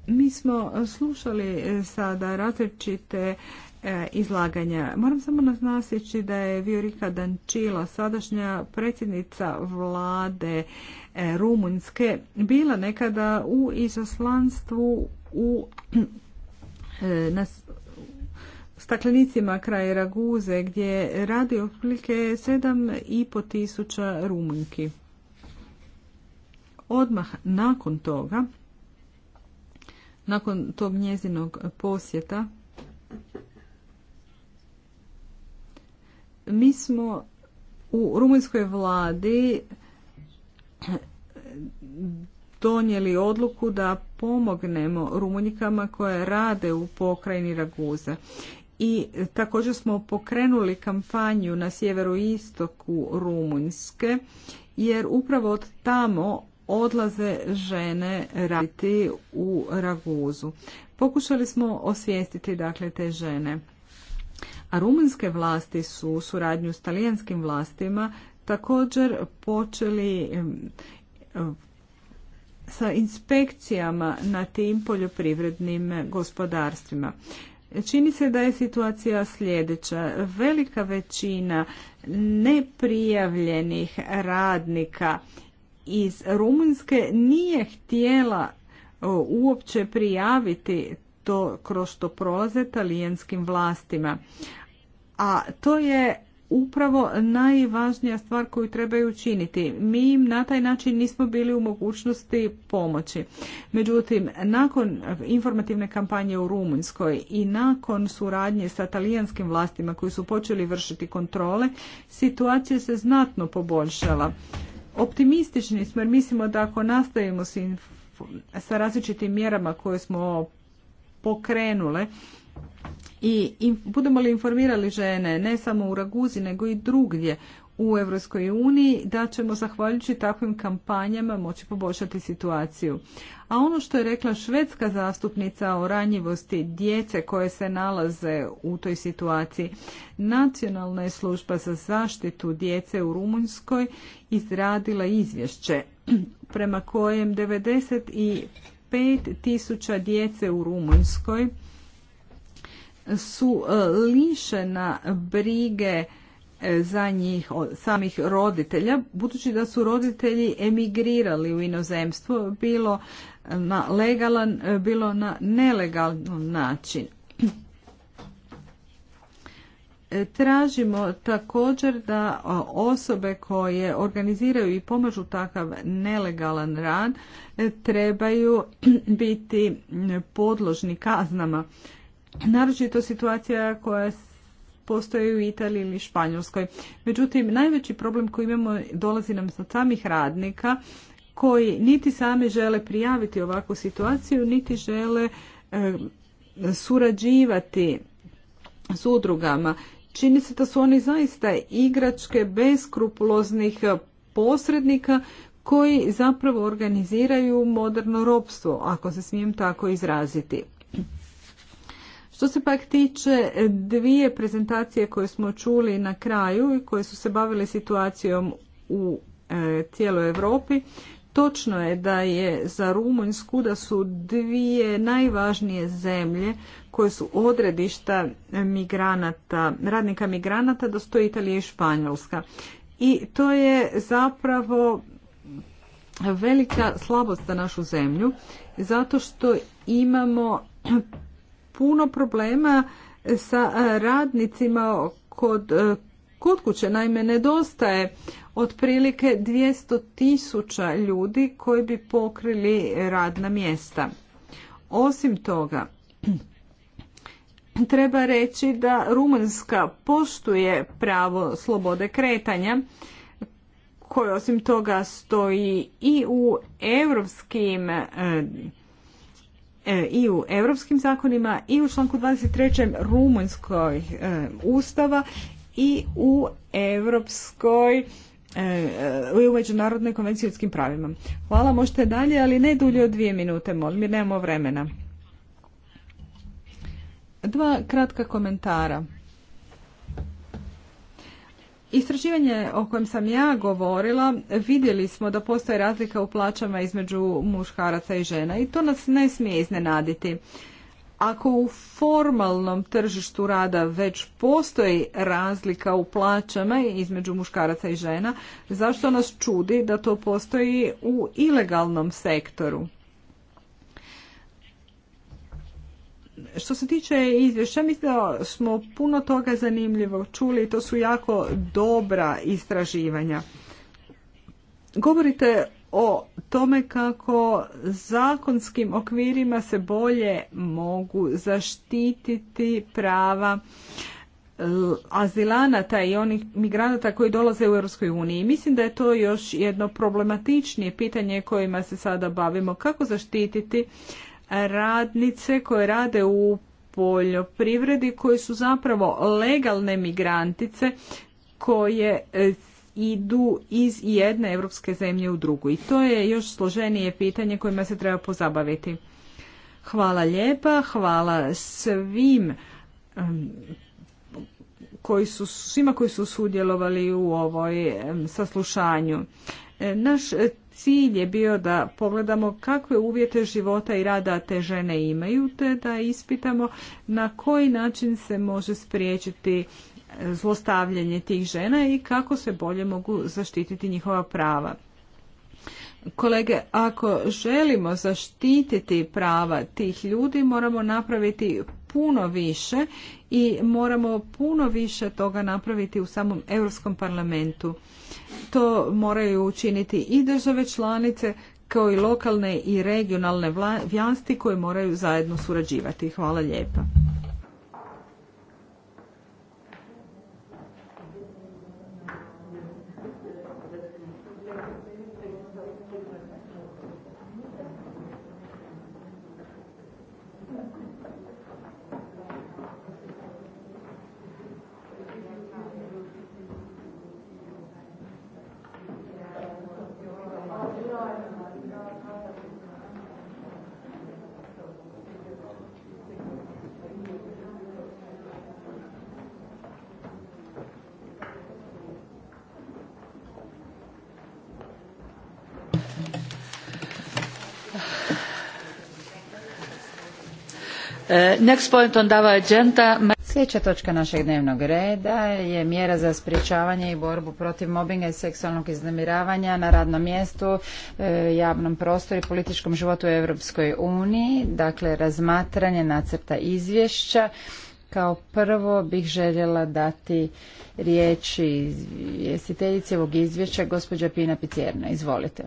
mi smo slušali sada različite e, izlaganja. Moram samo naznasići da je Viorika Dančila, sadašnja predsjednica vlade e, Rumunjske, bila nekada u izaslanstvu u na staklenicima kraj Raguze gdje radi otprilike 7,5 tisuća rumunjki. Odmah nakon toga, nakon tog njezinog posjeta, mi smo u rumunjskoj vladi donijeli odluku da pomognemo Rumunjikama koje rade u pokrajini Raguze i također smo pokrenuli kampanju na sjeveroistoku Rumunjske jer upravo od tamo odlaze žene raditi u Raguzu. Pokušali smo osvijestiti dakle te žene. A rumunjske vlasti su u suradnju s talijanskim vlastima također počeli sa inspekcijama na tim poljoprivrednim gospodarstvima. Čini se da je situacija sljedeća. Velika većina neprijavljenih radnika iz Rumunjske nije htjela e, uopće prijaviti to kroz što prolaze talijanskim vlastima. A to je upravo najvažnija stvar koju trebaju učiniti. Mi im na taj način nismo bili u mogućnosti pomoći. Međutim, nakon informativne kampanje u Rumunjskoj i nakon suradnje sa talijanskim vlastima koji su počeli vršiti kontrole, situacija se znatno poboljšala. Optimistični smo jer mislimo da ako nastavimo s sa različitim mjerama koje smo pokrenule, i budemo li informirali žene, ne samo u Raguzi, nego i drugdje u Europskoj uniji, da ćemo zahvaljujući takvim kampanjama moći poboljšati situaciju. A ono što je rekla švedska zastupnica o ranjivosti djece koje se nalaze u toj situaciji, Nacionalna je služba za zaštitu djece u Rumunjskoj izradila izvješće prema kojem 95 tisuća djece u Rumunjskoj su e, lišena brige e, za njih samih roditelja, budući da su roditelji emigrirali u inozemstvo, bilo na legalan, e, bilo na nelegalan način. Tražimo također da osobe koje organiziraju i pomažu takav nelegalan rad trebaju [CLEARS THROAT] biti podložni kaznama naročito situacija koja postoji u Italiji ili Španjolskoj. Međutim, najveći problem koji imamo dolazi nam od samih radnika koji niti sami žele prijaviti ovakvu situaciju, niti žele eh, surađivati s udrugama. Čini se da su oni zaista igračke beskrupuloznih posrednika koji zapravo organiziraju moderno ropstvo, ako se smijem tako izraziti. Što se pak tiče e, dvije prezentacije koje smo čuli na kraju i koje su se bavile situacijom u e, cijeloj Europi, točno je da je za Rumunjsku da su dvije najvažnije zemlje koje su odredišta migranata, radnika migranata, da to Italija i Španjolska. I to je zapravo velika slabost za našu zemlju, zato što imamo puno problema sa e, radnicima kod, e, kod kuće. Naime, nedostaje otprilike 200 tisuća ljudi koji bi pokrili radna mjesta. Osim toga, [CLEARS THROAT] treba reći da Rumunjska poštuje pravo slobode kretanja, koje osim toga stoji i u europskim e, E, i u europskim zakonima i u članku 23. rumunjskoj e, ustava i u europskoj e, i u Međunarodnoj konvenciji ljudskim pravima. Hvala, možete dalje, ali ne dulje od dvije minute, molim, jer nemamo vremena. Dva kratka komentara. Istraživanje o kojem sam ja govorila, vidjeli smo da postoji razlika u plaćama između muškaraca i žena i to nas ne smije iznenaditi. Ako u formalnom tržištu rada već postoji razlika u plaćama između muškaraca i žena, zašto nas čudi da to postoji u ilegalnom sektoru? što se tiče izvješća, mislim da smo puno toga zanimljivo čuli i to su jako dobra istraživanja. Govorite o tome kako zakonskim okvirima se bolje mogu zaštititi prava eh, azilanata i onih migranata koji dolaze u Europskoj uniji. Mislim da je to još jedno problematičnije pitanje kojima se sada bavimo. Kako zaštititi radnice koje rade u poljoprivredi koji su zapravo legalne migrantice koje e, idu iz jedne europske zemlje u drugu. I to je još složenije pitanje kojima se treba pozabaviti. Hvala lijepa, hvala svim koji su, svima koji su sudjelovali u ovoj saslušanju. E, naš Cilj je bio da pogledamo kakve uvjete života i rada te žene imaju, te da ispitamo na koji način se može spriječiti e, zlostavljanje tih žena i kako se bolje mogu zaštititi njihova prava. Kolege, ako želimo zaštititi prava tih ljudi, moramo napraviti puno više i moramo puno više toga napraviti u samom Europskom parlamentu. To moraju učiniti i države članice kao i lokalne i regionalne vlasti koje moraju zajedno surađivati. Hvala lijepa. E, Sljedeća točka našeg dnevnog reda je mjera za sprječavanje i borbu protiv mobinga i seksualnog iznemiravanja na radnom mjestu, e, javnom prostoru i političkom životu u Europskoj uniji. Dakle, razmatranje nacrta izvješća. Kao prvo bih željela dati riječi izvjestiteljice ovog izvješća, gospođa Pina Picjerna. Izvolite.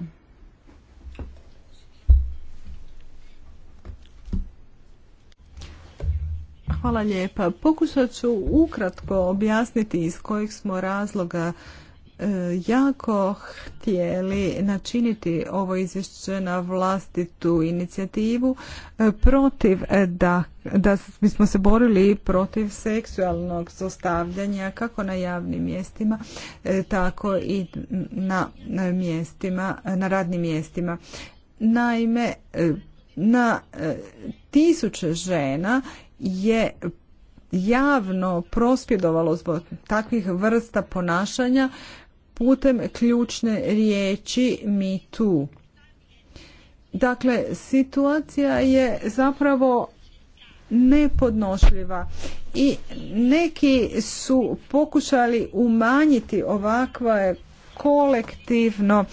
Hvala lijepa. Pokušat ću ukratko objasniti iz kojih smo razloga e, jako htjeli načiniti ovo izvješće na vlastitu inicijativu e, protiv e, da, da bismo se borili protiv seksualnog zostavljanja kako na javnim mjestima tako i na mjestima na radnim mjestima. Naime, na tisuće žena je javno prospjedovalo zbog takvih vrsta ponašanja putem ključne riječi me too. Dakle, situacija je zapravo nepodnošljiva i neki su pokušali umanjiti ovakve kolektivno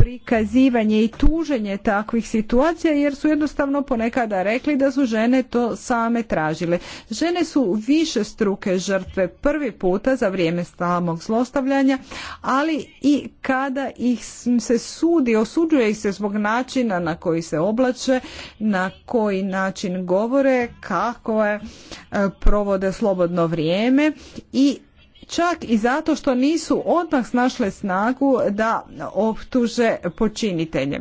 prikazivanje i tuženje takvih situacija jer su jednostavno ponekada rekli da su žene to same tražile. Žene su više struke žrtve prvi puta za vrijeme samog zlostavljanja, ali i kada ih se sudi, osuđuje ih se zbog načina na koji se oblače, na koji način govore, kako je, provode slobodno vrijeme i čak i zato što nisu odmah snašle snagu da optuže počinitelje.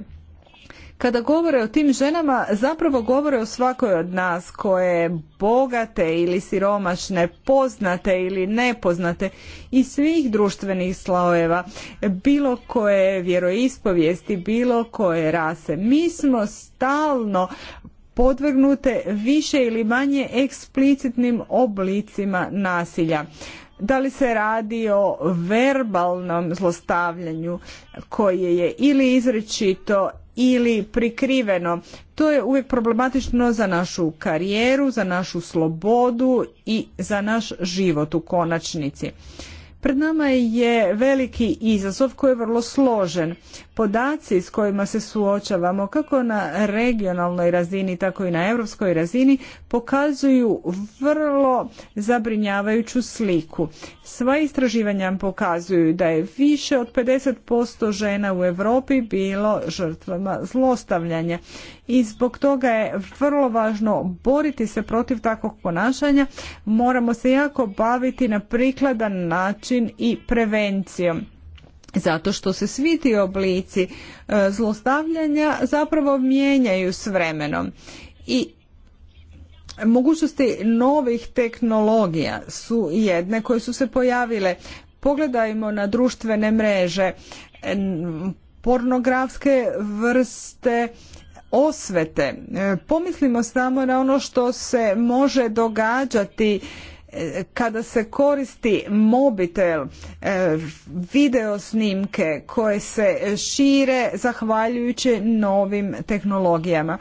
Kada govore o tim ženama, zapravo govore o svakoj od nas koje bogate ili siromašne, poznate ili nepoznate iz svih društvenih slojeva, bilo koje vjeroispovijesti, bilo koje rase. Mi smo stalno podvrgnute više ili manje eksplicitnim oblicima nasilja da li se radi o verbalnom zlostavljanju koje je ili izrečito ili prikriveno. To je uvijek problematično za našu karijeru, za našu slobodu i za naš život u konačnici. Pred nama je veliki izazov koji je vrlo složen. Podaci s kojima se suočavamo kako na regionalnoj razini tako i na europskoj razini pokazuju vrlo zabrinjavajuću sliku. Sva istraživanja pokazuju da je više od 50% žena u Europi bilo žrtvama zlostavljanja i zbog toga je vrlo važno boriti se protiv takvog ponašanja. Moramo se jako baviti na prikladan način i prevencijom. Zato što se svi ti oblici e, zlostavljanja zapravo mijenjaju s vremenom. I mogućnosti novih tehnologija su jedne koje su se pojavile. Pogledajmo na društvene mreže, pornografske vrste osvete. E, pomislimo samo na ono što se može događati e, kada se koristi mobitel, e, video snimke koje se šire zahvaljujući novim tehnologijama.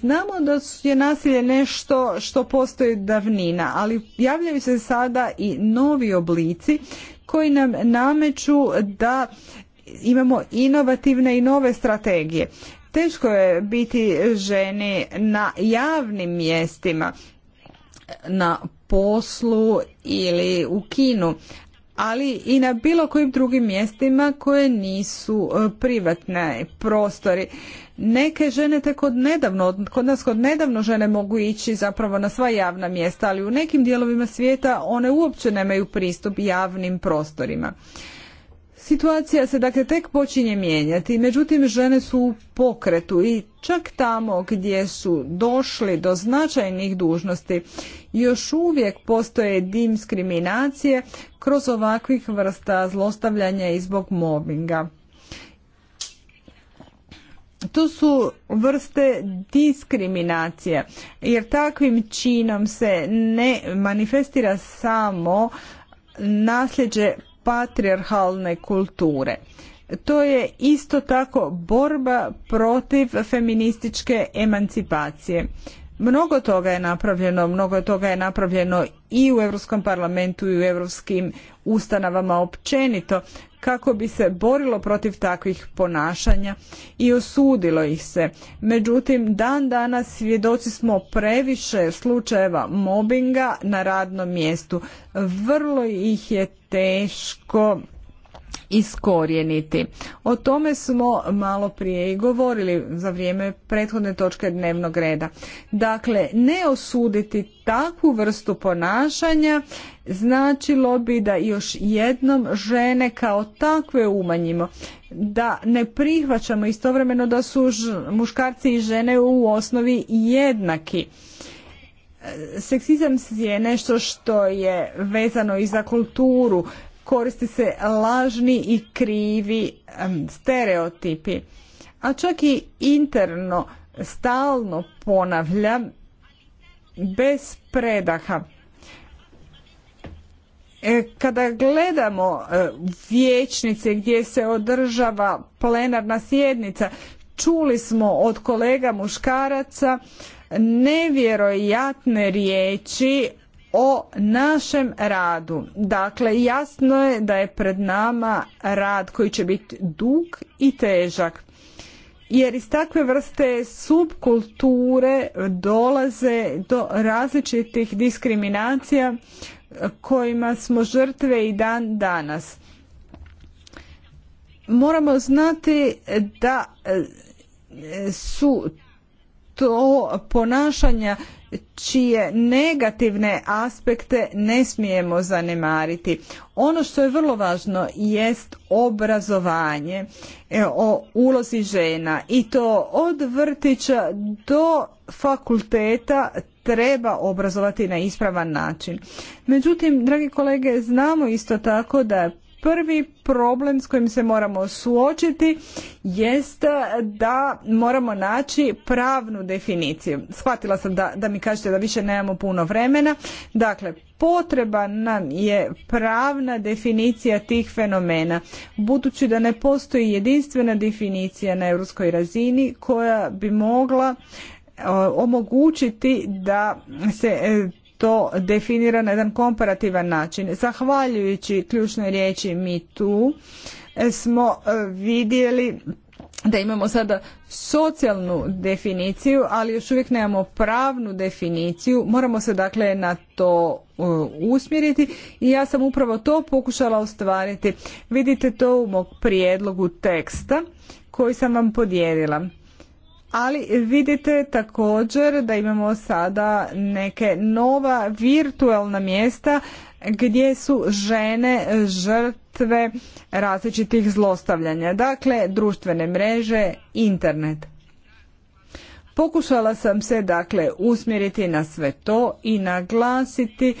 Znamo da je nasilje nešto što postoji davnina, ali javljaju se sada i novi oblici koji nam nameću da imamo inovativne i nove strategije. Teško je biti ženi na javnim mjestima, na poslu ili u kinu, ali i na bilo kojim drugim mjestima koje nisu e, privatne prostori. Neke žene tek kod nedavno, kod nas kod nedavno žene mogu ići zapravo na sva javna mjesta, ali u nekim dijelovima svijeta one uopće nemaju pristup javnim prostorima. Situacija se dakle tek počinje mijenjati, međutim žene su u pokretu i čak tamo gdje su došli do značajnih dužnosti još uvijek postoje diskriminacije kroz ovakvih vrsta zlostavljanja i zbog mobinga. To su vrste diskriminacije jer takvim činom se ne manifestira samo nasljeđe patriarhalne kulture. To je isto tako borba protiv feminističke emancipacije. Mnogo toga je napravljeno, mnogo toga je napravljeno i u Europskom parlamentu i u europskim ustanovama općenito kako bi se borilo protiv takvih ponašanja i osudilo ih se. Međutim, dan danas svjedoci smo previše slučajeva mobinga na radnom mjestu. Vrlo ih je teško iskorijeniti. O tome smo malo prije i govorili za vrijeme prethodne točke dnevnog reda. Dakle, ne osuditi takvu vrstu ponašanja značilo bi da još jednom žene kao takve umanjimo, da ne prihvaćamo istovremeno da su muškarci i žene u osnovi jednaki. Seksizam je nešto što je vezano i za kulturu, koristi se lažni i krivi stereotipi. A čak i interno stalno ponavlja bez predaha. E, kada gledamo e, vijećnice gdje se održava plenarna sjednica, čuli smo od kolega muškaraca nevjerojatne riječi o našem radu. Dakle, jasno je da je pred nama rad koji će biti dug i težak. Jer iz takve vrste subkulture dolaze do različitih diskriminacija kojima smo žrtve i dan danas. Moramo znati da su to ponašanja čije negativne aspekte ne smijemo zanemariti. Ono što je vrlo važno jest obrazovanje e, o ulozi žena i to od vrtića do fakulteta treba obrazovati na ispravan način. Međutim, dragi kolege, znamo isto tako da prvi problem s kojim se moramo suočiti jest eh, da moramo naći pravnu definiciju. Shvatila sam da, da mi kažete da više nemamo puno vremena. Dakle, potreba nam je pravna definicija tih fenomena, budući da ne postoji jedinstvena definicija na europskoj razini koja bi mogla eh, omogućiti da se eh, to definira na jedan komparativan način. Zahvaljujući ključnoj riječi mi tu e, smo e, vidjeli da imamo sada socijalnu definiciju, ali još uvijek nemamo pravnu definiciju. Moramo se dakle na to e, usmjeriti i ja sam upravo to pokušala ostvariti. Vidite to u mog prijedlogu teksta koji sam vam podijelila ali vidite također da imamo sada neke nova virtualna mjesta gdje su žene žrtve različitih zlostavljanja, dakle društvene mreže, internet. Pokušala sam se dakle usmjeriti na sve to i naglasiti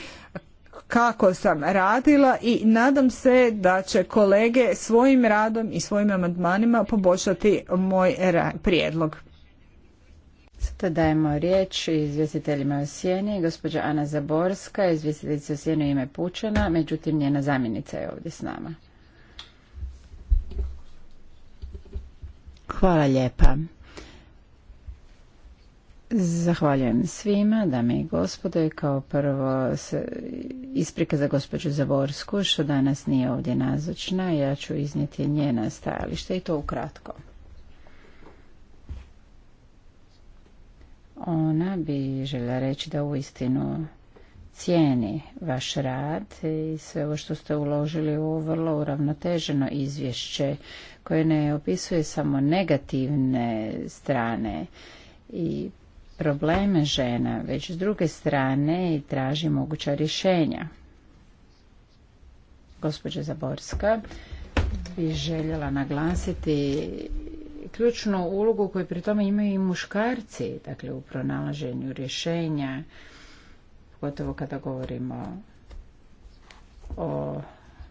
kako sam radila i nadam se da će kolege svojim radom i svojim amandmanima poboljšati moj prijedlog. Sada dajemo riječ izvjestiteljima u sjeni. Gospođa Ana Zaborska, izvjestiteljica u ime Pučana, međutim njena zamjenica je ovdje s nama. Hvala lijepa. Zahvaljujem svima, dame i gospodo. Kao prvo isprika za gospođu Zaborsku što danas nije ovdje nazočna. Ja ću iznijeti njena stajalište i to ukratko. Ona bi željela reći da uistinu cijeni vaš rad i sve ovo što ste uložili u vrlo uravnoteženo izvješće koje ne opisuje samo negativne strane i probleme žena, već s druge strane i traži moguća rješenja. Gospođe Zaborska bi željela naglasiti ključnu ulogu koju pri tome imaju i muškarci, dakle u pronalaženju rješenja, pogotovo kada govorimo o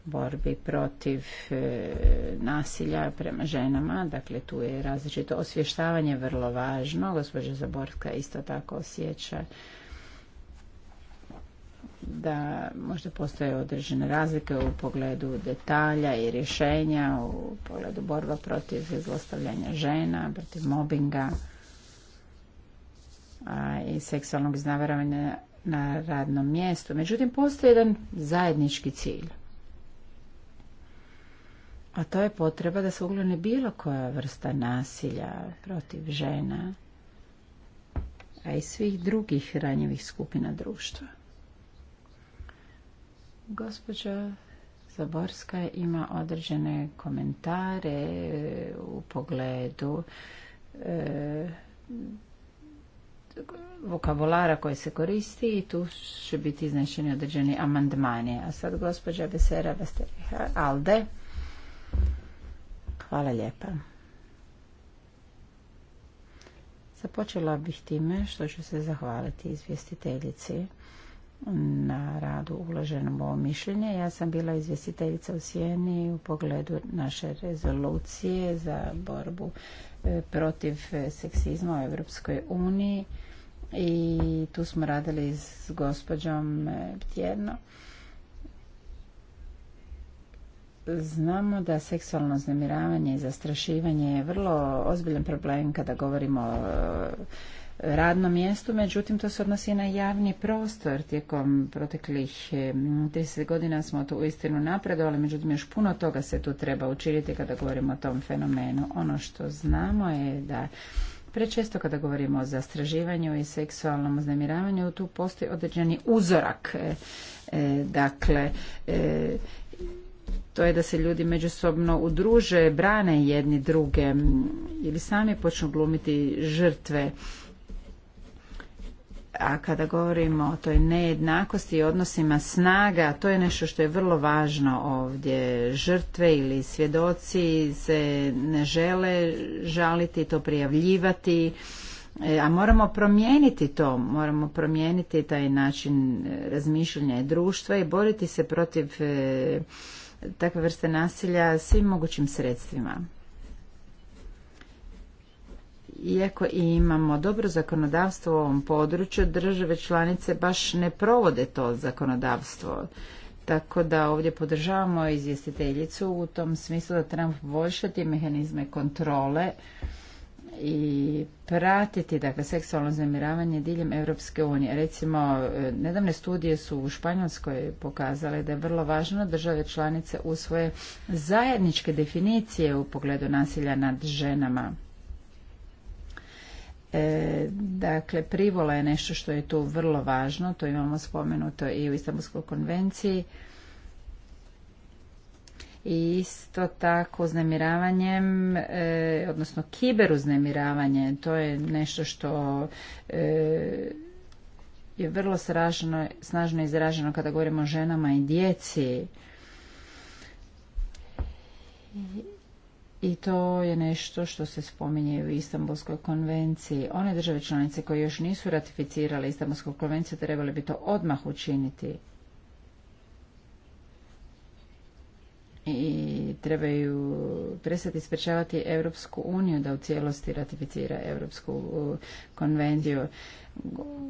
borbi protiv e, nasilja prema ženama. Dakle, tu je različito osvještavanje vrlo važno. Gospođa Zaborska isto tako osjeća da možda postoje određene razlike u pogledu detalja i rješenja, u pogledu borba protiv zlostavljanja žena, protiv mobinga a, i seksualnog iznavaravanja na radnom mjestu. Međutim, postoji jedan zajednički cilj. A to je potreba da se uglone bilo koja vrsta nasilja protiv žena, a i svih drugih ranjivih skupina društva. Gospođa Zaborska ima određene komentare u pogledu e, vokabulara koji se koristi i tu će biti izneseni određeni amandmani. A sad gospođa Besera Basterha Alde. Hvala lijepa. Započela bih time što ću se zahvaliti izvjestiteljici na radu uloženom u ovo mišljenje. Ja sam bila izvjestiteljica u Sjeni u pogledu naše rezolucije za borbu e, protiv e, seksizma u Europskoj uniji i tu smo radili s gospođom e, Ptjerno. Znamo da seksualno znamiravanje i zastrašivanje je vrlo ozbiljan problem kada govorimo o radno mjesto, međutim to se odnosi na javni prostor. Tijekom proteklih 30 godina smo to uistinu napredovali, međutim još puno toga se tu treba učiniti kada govorimo o tom fenomenu. Ono što znamo je da Prečesto kada govorimo o zastraživanju i seksualnom uznemiravanju, tu postoji određeni uzorak. E, e, dakle, e, to je da se ljudi međusobno udruže, brane jedni druge ili sami počnu glumiti žrtve a kada govorimo o toj nejednakosti i odnosima snaga, to je nešto što je vrlo važno ovdje. Žrtve ili svjedoci se ne žele žaliti, to prijavljivati, e, a moramo promijeniti to, moramo promijeniti taj način e, razmišljanja i društva i boriti se protiv e, takve vrste nasilja svim mogućim sredstvima iako imamo dobro zakonodavstvo u ovom području, države članice baš ne provode to zakonodavstvo. Tako da ovdje podržavamo izvjestiteljicu u tom smislu da trebamo poboljšati mehanizme kontrole i pratiti dakle, seksualno zamiravanje diljem Europske unije. Recimo, e, nedavne studije su u Španjolskoj pokazale da je vrlo važno države članice usvoje zajedničke definicije u pogledu nasilja nad ženama E, dakle, privola je nešto što je tu vrlo važno, to imamo spomenuto i u Istanbulskoj konvenciji. I isto tako uznemiravanjem, e, odnosno uznemiravanje to je nešto što e, je vrlo snažno izraženo kada govorimo o ženama i djeci i to je nešto što se spominje u Istanbulskoj konvenciji. One države članice koje još nisu ratificirale Istanbulsku konvenciju trebali bi to odmah učiniti. I trebaju prestati sprečavati Europsku uniju da u cijelosti ratificira Europsku konvenciju.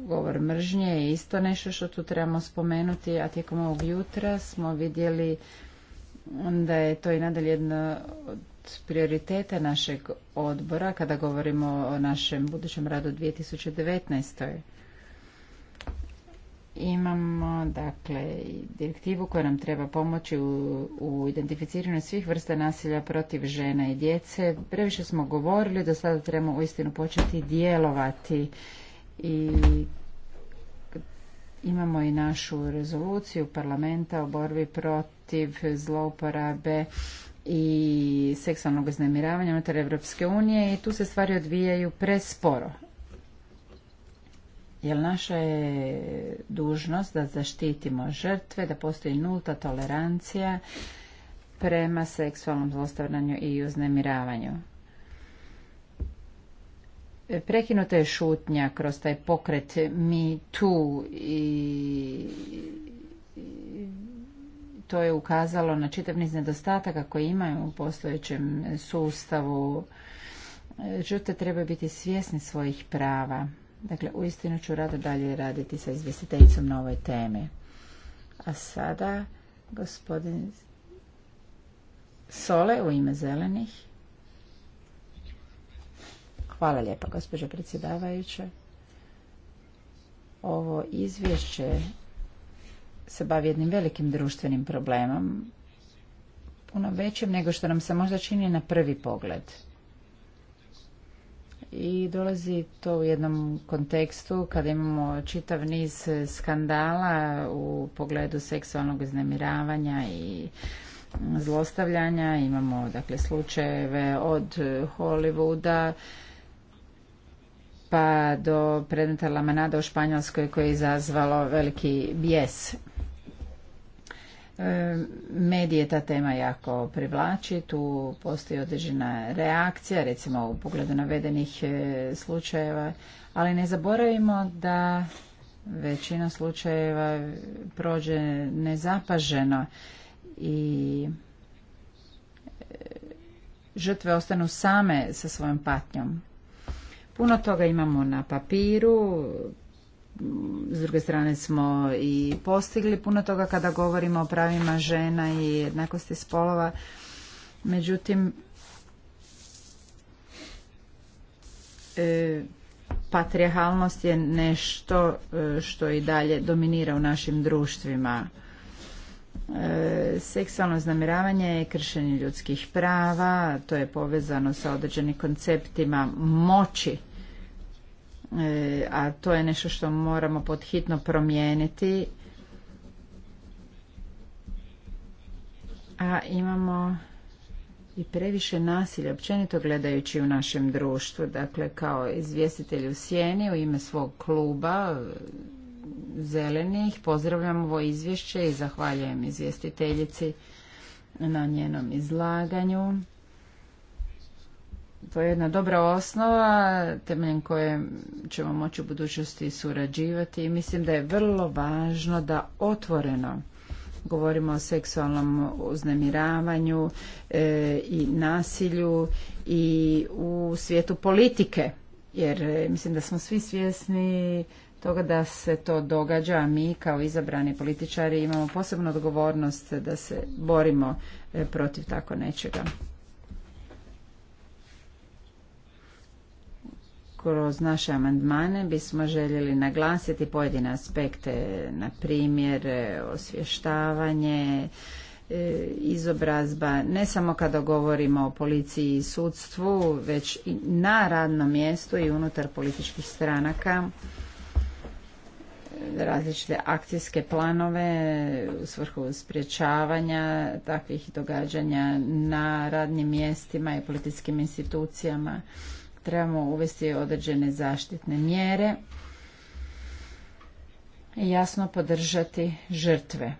Govor mržnje je isto nešto što tu trebamo spomenuti, a tijekom ovog jutra smo vidjeli da je to i nadalje jedna od prioriteta našeg odbora kada govorimo o našem budućem radu 2019. Imamo dakle direktivu koja nam treba pomoći u, identificiranju svih vrsta nasilja protiv žena i djece. Previše smo govorili, do sada trebamo uistinu početi djelovati i imamo i našu rezoluciju parlamenta o borbi protiv zlouporabe i seksualnog uznemiravanja unutar Evropske unije i tu se stvari odvijaju presporo. Jer naša je dužnost da zaštitimo žrtve, da postoji nulta tolerancija prema seksualnom zlostavljanju i uznemiravanju. Prekinuta je šutnja kroz taj pokret Me Too i to je ukazalo na čitav niz nedostataka koje imaju u postojećem sustavu. Žrtve trebaju biti svjesni svojih prava. Dakle, uistinu ću rado dalje raditi sa izvjestiteljicom na ovoj temi. A sada gospodin Sole u ime zelenih. Hvala lijepa, gospođo predsjedavajuće. Ovo izvješće se bavi jednim velikim društvenim problemom, puno većim nego što nam se možda čini na prvi pogled. I dolazi to u jednom kontekstu kada imamo čitav niz skandala u pogledu seksualnog iznemiravanja i zlostavljanja. Imamo dakle slučajeve od Hollywooda pa do predmeta Lamanada u Španjolskoj koje je izazvalo veliki bijes. E, medije ta tema jako privlači, tu postoji određena reakcija, recimo u pogledu navedenih e, slučajeva, ali ne zaboravimo da većina slučajeva prođe nezapaženo i e, žrtve ostanu same sa svojom patnjom. Puno toga imamo na papiru, s druge strane smo i postigli puno toga kada govorimo o pravima žena i jednakosti spolova. Međutim, e, je nešto e, što i dalje dominira u našim društvima seksualno znamiravanje je kršenje ljudskih prava, to je povezano sa određenim konceptima moći, e, a to je nešto što moramo podhitno promijeniti. A imamo i previše nasilja, općenito gledajući u našem društvu. Dakle, kao izvjestitelj u sjeni u ime svog kluba zelenih pozdravljam ovo izvješće i zahvaljujem izvjestiteljici na njenom izlaganju. To je jedna dobra osnova temeljem koje ćemo moći u budućnosti surađivati i mislim da je vrlo važno da otvoreno govorimo o seksualnom uznemiravanju e, i nasilju i u svijetu politike jer e, mislim da smo svi svjesni toga da se to događa, a mi kao izabrani političari imamo posebnu odgovornost da se borimo e, protiv tako nečega. kroz naše amandmane bismo željeli naglasiti pojedine aspekte, na primjer e, osvještavanje, e, izobrazba, ne samo kada govorimo o policiji i sudstvu, već i na radnom mjestu i unutar političkih stranaka različite akcijske planove u svrhu spriječavanja takvih događanja na radnim mjestima i političkim institucijama. Trebamo uvesti određene zaštitne mjere i jasno podržati žrtve.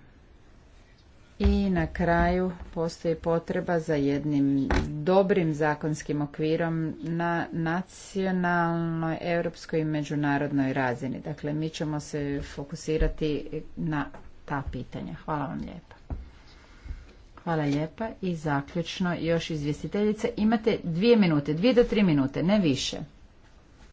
I na kraju postoji potreba za jednim dobrim zakonskim okvirom na nacionalnoj, europskoj i međunarodnoj razini. Dakle, mi ćemo se fokusirati na ta pitanja. Hvala vam lijepa. Hvala lijepa i zaključno još izvjestiteljice. Imate dvije minute, dvije do tri minute, ne više.